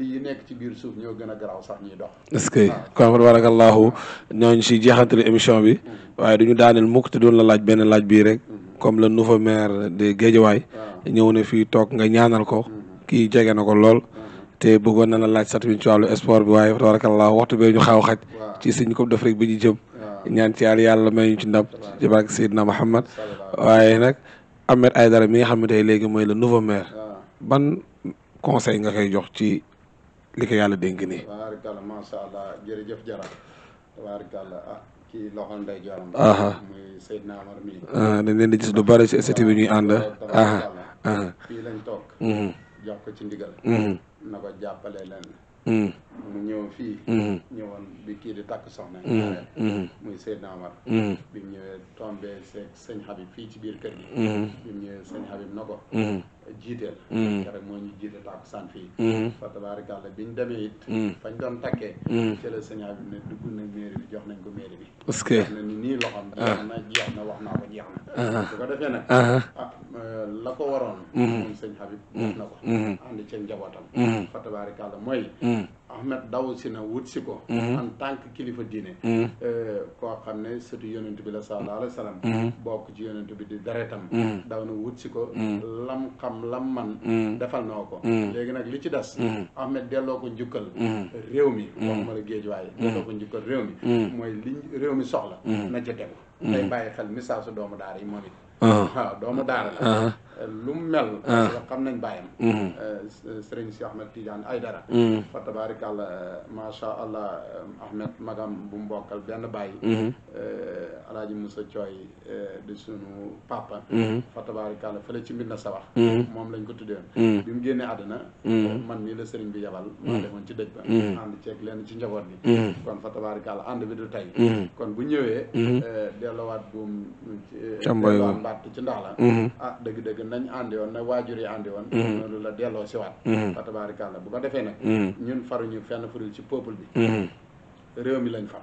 yi nekk ci biir suuf ñoo gën a garaaw sax ñuy dox est-ce que kon barakallahu ñooñu si jeexantali émission bi waaye duñu daaneel mukk te doon la laaj benn laaj bi rek comme le nouveau maire de Guédiawaye ñëw na fii toog nga ñaanal ko kii jege na ko lool te bëggoon na la laaj sat ci wàllu sport bi waaye tabarakallahu waxtu bee ñu xaaw xaj ci suñ Coupe d'Afrique bi ñu jëm ñaan ci yàlla yàlla may ñu ci ndam ci barke Seydina Muhammad waaye nag Ahmed Aïdara mi nga xam ne léegi mooy le nouveau maire ban conseil nga koy jox ci li ko yàlla dénk nii. tabaarikàlla macha allah jërëjëf Jara tabaarikàlla ah ci loxo ndey jooram. muy Seydina Amar mi. Ah, dañ leen di gis lu bari ci STV bi ñuy ànd. fii lañ toog. Mhm. jox ko ci ndigal. Mhm. mu ñëw fii. Mm-hmm. ñëwoon bi kii di takk soxna. Mm-hmm. Mm-hmm. muy Seydina Omar. bi mu ñëwee tombé seeg sëñ Habib fii ci biir kër gi. bi mu ñëwee sëñ Habib na ko. jiiteel rek moo ñu jiite tàkku san fii fa tabaarikàlla bi ñu demee it fañ doon takkee ci la sëñ Habib ne dugg na mairie bi jox nañ ko mairie bi parce que ne ni nii loxoom ah. jeex na jeex na wax naa ko jeex na ah. su ko defee nag ah, ah la ko waroon moom sëñ Habib def na ko ànd ci njabootam fa tabaarikàlla mooy Ahmed daw si na wut si ko. Mm-hmm. en tant que kilifa diine. Mm-hmm. Euh, koo xam ne sëtu yonent bi la sa alayhi wa sallam. Mm-hmm. bokk ci yonent bi di deretam. daw na wut si ko. lam xam lam man. defal noo ko. léegi nag li ci des. Ahmed delloo ko njukkal. réew mi. waxuma la géej waaye. delloo ko njukkal réew mi. mooy li réew mi soxla. na ca tegu. day bàyyi xel message su doomu daara yi moom uh-huh. doomu daara la. Uh-huh. lu mu mel. yoo ah. xam nañ bàyyam. Mm-hmm. Euh, sëriñ si Ahmed Tidiane Aydara. Mm-hmm. fa tabaarikàlla macha allah euh, Ahmed magam bu mu bokkal benn bàyyi. alaaji mm-hmm. euh, Moussa Thioy di sunu papa. fa tabaarikàlla fële ci mbir na sawax. moom lañ ko tuddee. bi mu génnee àddina. man mii la sëriñ bi yabal. maa demoon ci dëj ba. ànd ceeg lenn ci njaboot bi. kon fa tabaarikàlla ànd bi du tey. kon bu ñëwee. delloowaat buum. ca mbayu mbatt ci ndax la. Ah, dëgg-dëgg. nañ àndi woon na waajur yi àndi woon mm-hmm. loolu la delloo si waat mm-hmm. fa bu ko defee nag mm-hmm. ñun faruñu fenn furul ci peuple bi réew mi lañ far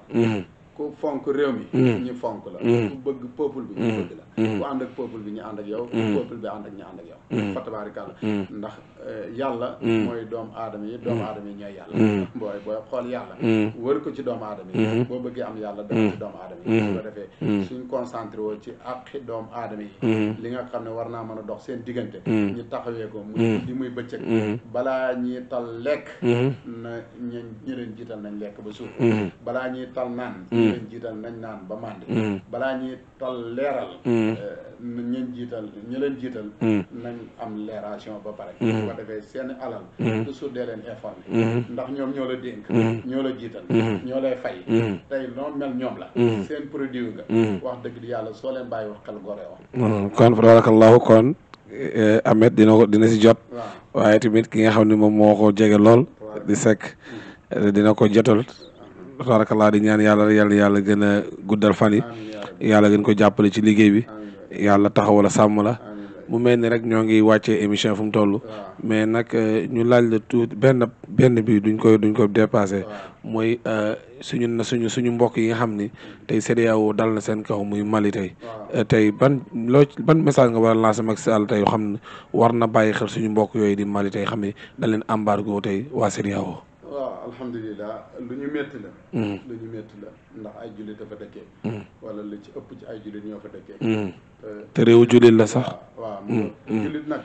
ku fonk réew mi mm. ñu fonk la mm. ku bëgg peuple bi ñu mm. bëgg la ku ànd ak peuple bi ñu ànd ak yow ku peuple bi ànd ak ñu ànd ak yow fa tabaarikàlla ndax eh, yàlla mooy doomu aadama yi doomu aadama yi ñooy yàlla booy booy xool yàlla wër ko ci doomu aadama yi boo bëggee am yàlla def ci doomu aadama yi su ko defee suñ concentré woo ci àqi doomu aadama yi li nga xam ne war naa mën a dox seen diggante ñu taxawee ko muy di muy bëccëg balaa ñuy tal lekk na ñu leen jiital nañ lekk ba suuf balaa ñuy tal naan ñeen mm. nañ naan ba màndi mm. balaa ñuy tal leeral mm. eh, ñeen jiital ñu leen jiital am leeration ba pare su ko defee seen alal toujours dee leen ndax ñoom ñoo la dénk ñoo jiital ñoo lay fay tey noo mel ñoom la seen produit nga wax dëgg yàlla soo leen bàyyi wax xel gore wax kon tabarakallahu kon eh, eh, Ahmed dina ko dina si jot waaye tamit ki nga xam ne moom moo ko jege lool di sek dina ko jotal tabarakallah di ñaan yàlla yàlla yàlla gën a guddal fan yi yàlla gën ko jàppale ci liggéey bi yàlla taxawala sàmm la mu mel ni rek ñoo ngi wàccee émission fu mu toll mais nag euh, ñu laaj la tout benn benn bi duñ koy duñ ko dépassé mooy euh, suñu na suñu suñu mbokk yi nga xam ni tey CEDEAO dal na seen kaw muy Mali tey euh, tey ban loo ban message nga war a lancer Macky Sall tey xam ne war na bàyyi xel suñu mbokk yooyu di Mali tey xam ne dañ leen embargo tey waa CEDEAO waaw alhamdulilah lu ñu metti la. Mm. lu ñu métti la ndax ay jullit dafa dëkkee. Mm. wala lu ci ëpp ci ay jullit ñoo fa dëkkee. Mm. te réew jullit la sax. waaw jullit nag.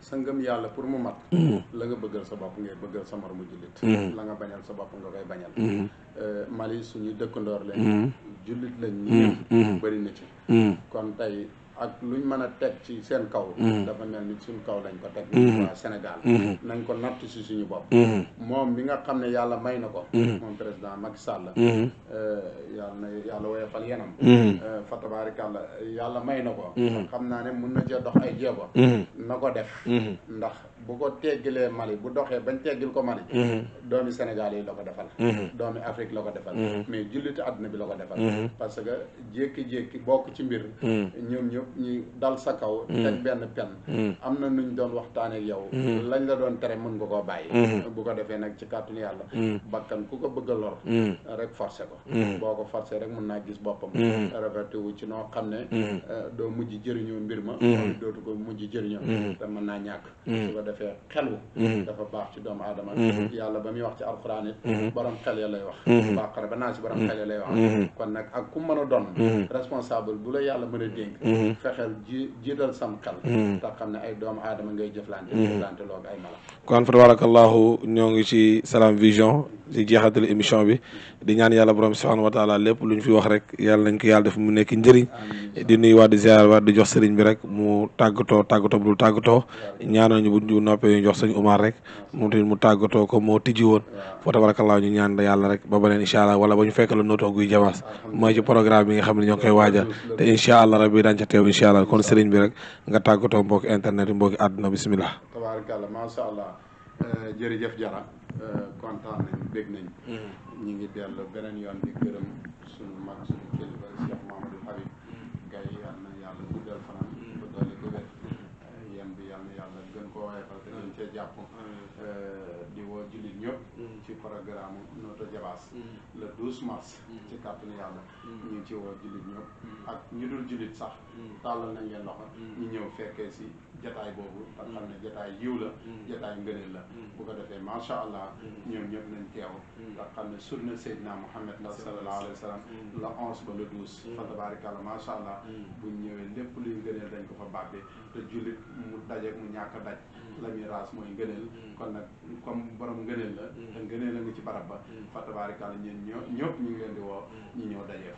sa ngëm yàlla pour mu mat. la nga bëggal sa bopp ngay bëggal sa moromu jullit. la nga bañal sa bopp nga koy bañal. Euh, Mali suñuy dëkkandoor lañ. jullit lañ. ñëpp bëri na ci. kon tey ak luñ mën a teg ci seen kaw mm-hmm. dafa mel ni suñ kaw lañ ko teg ni mm-hmm. waa Sénégal mm-hmm. nañ ko natt si suñu bopp moom mi nga xam ne yàlla may na ko moom président Macky Sall euh, yàlla na yàlla woyofal yenam euh, fa tabaarikàlla yàlla may na ko xam naa ne mun na cee dox ay jéego na ko def ndax bu ko teggilee Mali bu doxee bañ teggil ko Mali mm-hmm. doomi Sénégal la ko defal mm-hmm. doomi Afrique la ko defal mm-hmm. mais jullitu àdduna bi la ko defal parce que jékki-jékki bokk ci mbir ñoom ñëpp ñu dal sa kaw teg benn pen am na nuñ doon waxtaanee yow lañ la doon tere mën nga koo bàyyi bu ko defee nag ci kàttanu yàlla bakkan ku ko bëgg a lor rek forcé ko boo ko forcé rek mun naa gis boppam rafet wu ci noo xam ne euh, doo mujj jëriñoo mbir ma dootu ko mujj jëriñoo te defee xelu mhm. dafa baax ci doomu aadama mhm. yàlla ba muy wax ci alxuraan it mhm. borom xel ya lay wax baqara ba naa si borom xel ya lay wax kon nag ak a doon responsable bu a dénk fexeel ji jiital sam xel te xam ne ay doomu aadama ngay jëflante jëflante loog ay mala kon fa tabarakallahu ñoo ngi ci Salam Vision ci jeexatal émission bi di ñaan yàlla borom subhanahu wa taala lépp lu fi wax rek yàlla nañ ko yàlla def mu nekk njëriñ di nuy waa di ziar waa di jox sëriñ bi rek mu tàggatoo tàggatoo bu dul tàggatoo ñu bu bu noppee ñu jox sëñ rek moom tamit mu tàggatoo ko moo tijji woon fa tabarakallah ñu ñaan da yàlla rek ba beneen incha allah wala ba ñu fekk la nootoo guy jabaas mooy ci programme bi xam ne ñoo ngi koy waajal te incha allah rabbi daañu ca teew incha allah kon sëriñ bi rek nga tàggatoo mbokki internet yi mbokki àdduna bisimilah. tabarakallah macha allah euh, jërëjëf Jara euh, kontaan nañ bég nañ mm-hmm. beneen yoon di programme Notto Diobass mm. le 12 mars mm. ci kàttanu yàlla ñu ci woo jullit ñëpp mm. ak ñu dul jullit sax mm. tàllal nañ leen loxo mm. ñu ñëw fekkee si jataay boobu te xam ne jataay yiw la jataay ngëneel la bu ko defee macha allah ñoom ñëpp nañ teew nga xam ne sunna Seydina Muhammad la sallallahu alayhi wa sallam la onze ba le douze fa tabaarikàlla macha allah buñ ñëwee lépp luy ngëneel dañ ko fa bàbbee te jullit mu dajeek mu ñàkk daj la miraas mooy ngëneel kon nag comme borom ngëneel la te ngëneel la ci barab ba fa ñëpp ñu ngi leen di woo ñu ñëw dajee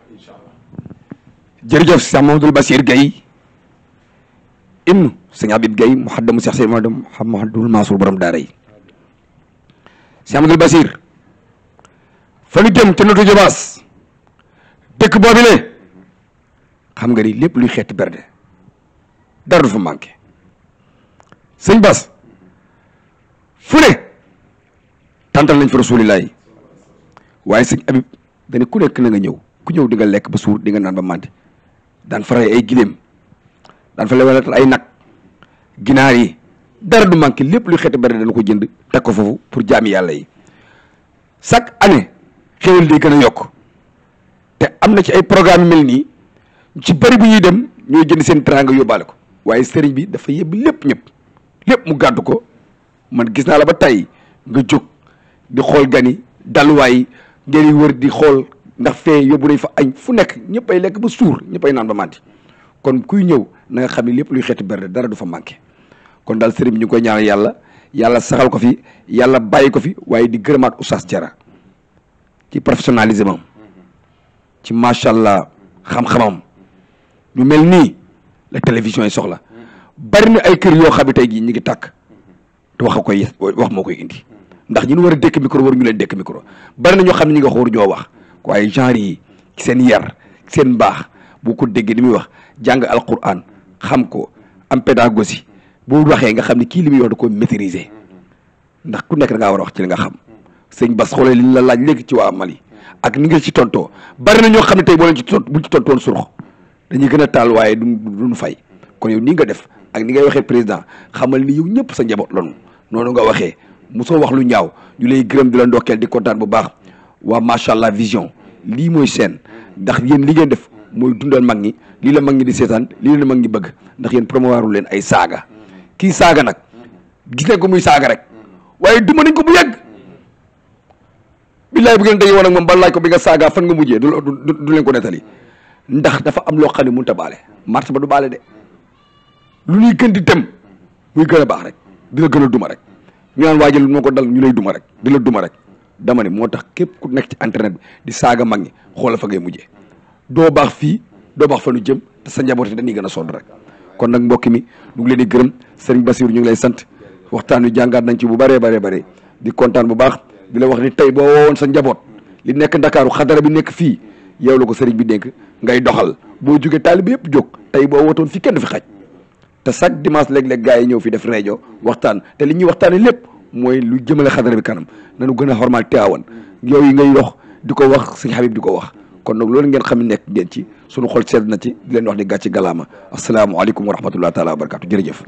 jërëjëf Cheikh Mahamadul Basir Gueye ibnu sëñ Habib Gueye mu xaddamu Cheikh Seydou Madam Mahamadul Mansour borom daara yi Cheikh Mahamadul Basir fa nu jëm te nutu jobaas dëkk boobi le xam nga ni lépp luy xeeti berde dara du fa manqué sëñ Bas fu ne tàntal nañ fa rasulillahi waaye sëñ Habib dana ku nekk na nga ñëw ku ñëw di nga lekk ba suur di nga naan ba màndi daan fa rey ay giléem daan fa lewalatal ay nag ginaar yi dara du manqué lépp luy xeeti bari dana ko jënd teg ko foofu pour jaami yàlla yi chaque année xéwal day gën a yokk te am na ci ay programme yu mel nii ci bari bu ñuy dem ñooy jënd seen teranga yóbbaale ko waaye sëriñ bi dafa yëbb lépp ñëpp lépp mu gàddu ko man gis naa la ba tey nga jóg di xool gani daluwaay ngeen wër di xool ndax fee yóbbu nañ fa añ fu nekk ñëpp ay lekk ba suur ñëpp ay naan ba màndi kon kuy ñëw na xam ne lépp luy xeeti berde dara du fa manqué kon daal sëriñ ñu koy ñaanal yàlla yàlla saxal ko fi yàlla bàyyi ko fi waaye di gërëmaat oustaz Diarra ci professionnalisme am ci macha allah xam-xamam lu mel nii la télévision yi soxla bari na ay kër yoo xam ne tey jii ñu ngi tàkk te wax a koy wax moo koy indi ndax ñun war a dékk micro waruñu leen dékk micro bari na ñoo xam ne ñi nga wax waruñoo wax. waaye genre yi seen yar seen baax boo ko déggee li muy wax jàng al alquran xam ko am pédagogie boo waxee nga xam ne kii li muy wax da ko maîtriser ndax ku nekk da nga war a wax ci li nga xam sëñ Bas xoolee li ñu la laaj léegi ci waa Mali ak ni nga ci tontoo bari na ñoo xam ne tey boo leen ci tont buñ ci tontoon surux dañuy gën a taal waaye duñ nu fay kon yow nii nga def ak ni ngay waxee président xamal ni yow ñëpp sa njaboot loolu noonu nga waxee mosoo wax lu ñaaw ñu lay gërëm di la ndokkeel di kontaan bu baax. waa macha allah vision lii mooy seen ndax yéen li ngeen def mooy dundal mag ñi lii la mag ñi di seetaan lii la mag ñi bëgg ndax yéen promouvoirul leen ay saaga kii saaga nag gis nañ ko muy saaga rek waaye duma nañ ko bu yàgg billaay bu ngeen daje woon ak moom ba ko bi nga saaga fan nga mujjee du du leen ko nettali ndax dafa am loo xam ne mënut a baale mars ba du baale de lu ñuy gën di dem muy gën a baax rek dina gën a duma rek ñu naan waajal lu ma ko dal ñu lay duma rek di la duma rek dama ne moo tax képp ku nekk ci internet bi di saaga mag ñi xoolal fa ngay mujjee doo baax fii doo baax fa nu jëm te sa njaboot yi dañuy gën a sonn rek kon nag mbokk mi ñu leen di gërëm Serigne Bassirou ñu ngi lay sant waxtaan wi jàngaat nañ ci bu bëree bëree bëri di kontaan bu baax di la wax ni tey boo woowoon sa njaboot li nekk ndakaaru xadara bi nekk fii yow la ko Serigne bi dénk ngay doxal boo jógee taalibe yëpp jog tey boo wootoon fii kenn du fi xaj te chaque dimanche léeg-léeg gars yi ñëw fi def rajo waxtaan te li ñuy waxtaanee lépp mooy lu jëmale xadara bi kanam nanu gën a xormaal teewoon yooyu ngay dox di ko wax sëñ Habib di ko wax kon nag loolu ngeen xam nekk ngeen ci sunu xol sedd na ci di leen wax ni gàcce galaama asalaamualeykum wa rahmatullahi taala wa barakaatu jërëjëf.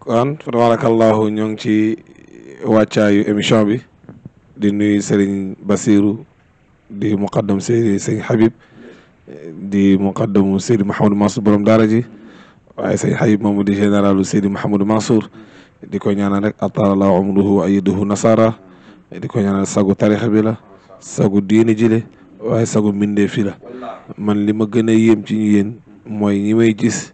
kon fa tabarakallahu ñoo ngi ci wàccaayu émission bi di nuyu Serigne basiru di muqaddam Serigne Serigne di muqaddamu Serigne Mouhamadou Mansour borom daara ji waaye Serigne Habib moom di généralu Serigne Mouhamadou Mansour. di ko ñaanal rek ataalallahu umruhu wa ayyidahu nasara di ko ñaanal sagu tarixa bi la sagu diini ji le waaye sagu mbindee fi la man li ma gën a yéem ci ñu yéen mooy ñi may gis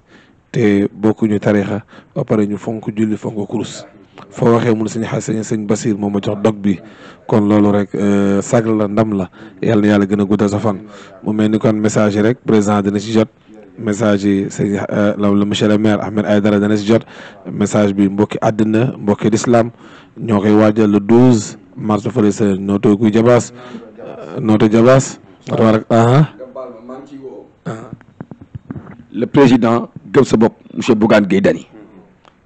te bokkuñu tarixa ba pare ñu fonk juli fonk kurus foo waxee mun sëñ xasan sëñ Basir moom ma jox dog bi kon loolu rek euh, sag la ndam la yàlla na yàlla gën a guddal sa fan mu mel ni kon message rek président dina ci jot message yi sëñ law la monsieur maire Ahmed ay dana si jot message bi mbokki àddina mbokki lislaam ñoo koy waajal le douze mars fële sa nooto jabaas nooto jabaas watawarak président gëm sa bopp monsieur Bougane Gueye Dany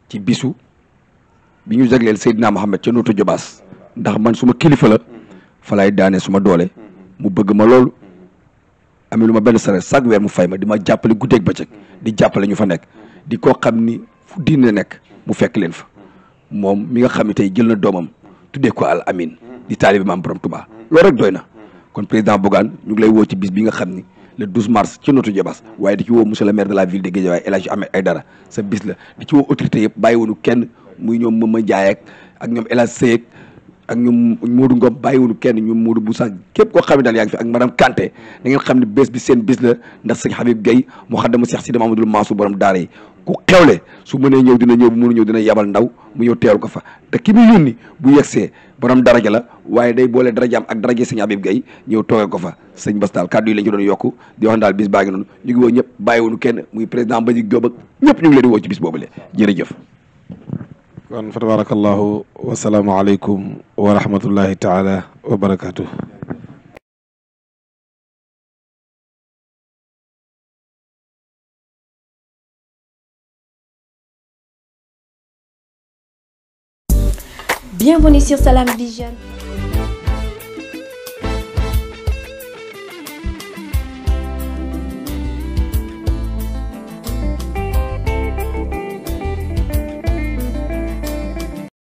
ci bisu bi ñu jagleel Seydina Mohamed ca nootu jabaas ndax man suma kilifa la fa lay suma doole mu bëgg ma lool amee lu ma benn sare chaque weer mu fay ma di ma jàppale guddeeg bëccëg di jàppale ñu fa nekk di koo xam ni fu diine nekk mu fekk leen fa moom mi nga xam ne tey jël na doomam tuddee ko al amin di taalibe maam borom Touba loolu rek doy na kon président Bougane ñu ngi lay woo ci bis bi nga xam ni le 12 mars ci notu Diobass waaye di ci woo monsieur le maire de la ville de Guédiawaye El Hadj Ahmed Aïdara sa bis la di ci woo autorité yëpp bàyyi kenn muy ñoom Mama Ndiaye ak ñoom El Hadj Seye ak ñoom Modou Ngom bàyyiwuñu kenn ñoom bu Boussa képp koo xam ne daal yaa ngi fi ak madame Kanté da ngeen xam ne bés bi seen bis la ndax sëñ Habib Gueye mu xaddamu Cheikh Sidi Mamadou Mansour borom daara yi ku xewle su mënee ñëw dina ñëw bu mënu ñëw dina yabal ndaw mu ñëw teeru ko fa te ki muy ni bu yegsee borom daraja la waaye day boole darajaam ak daraja sëñ Habib Gueye ñëw toogee ko fa sëñ Bass daal ka yi lañ ci doon yokku di wax daal bis baa ngi noonu ñu ngi woo ñëpp bàyyiwuñu kenn muy président ba Diop ak ñëpp ñu ngi leen di woo le jërëjëf kon fa tabarakallahu wasalaamualeykum wa rahmatullahi taala wa barakatuh Bienvenue sur Salam Vision.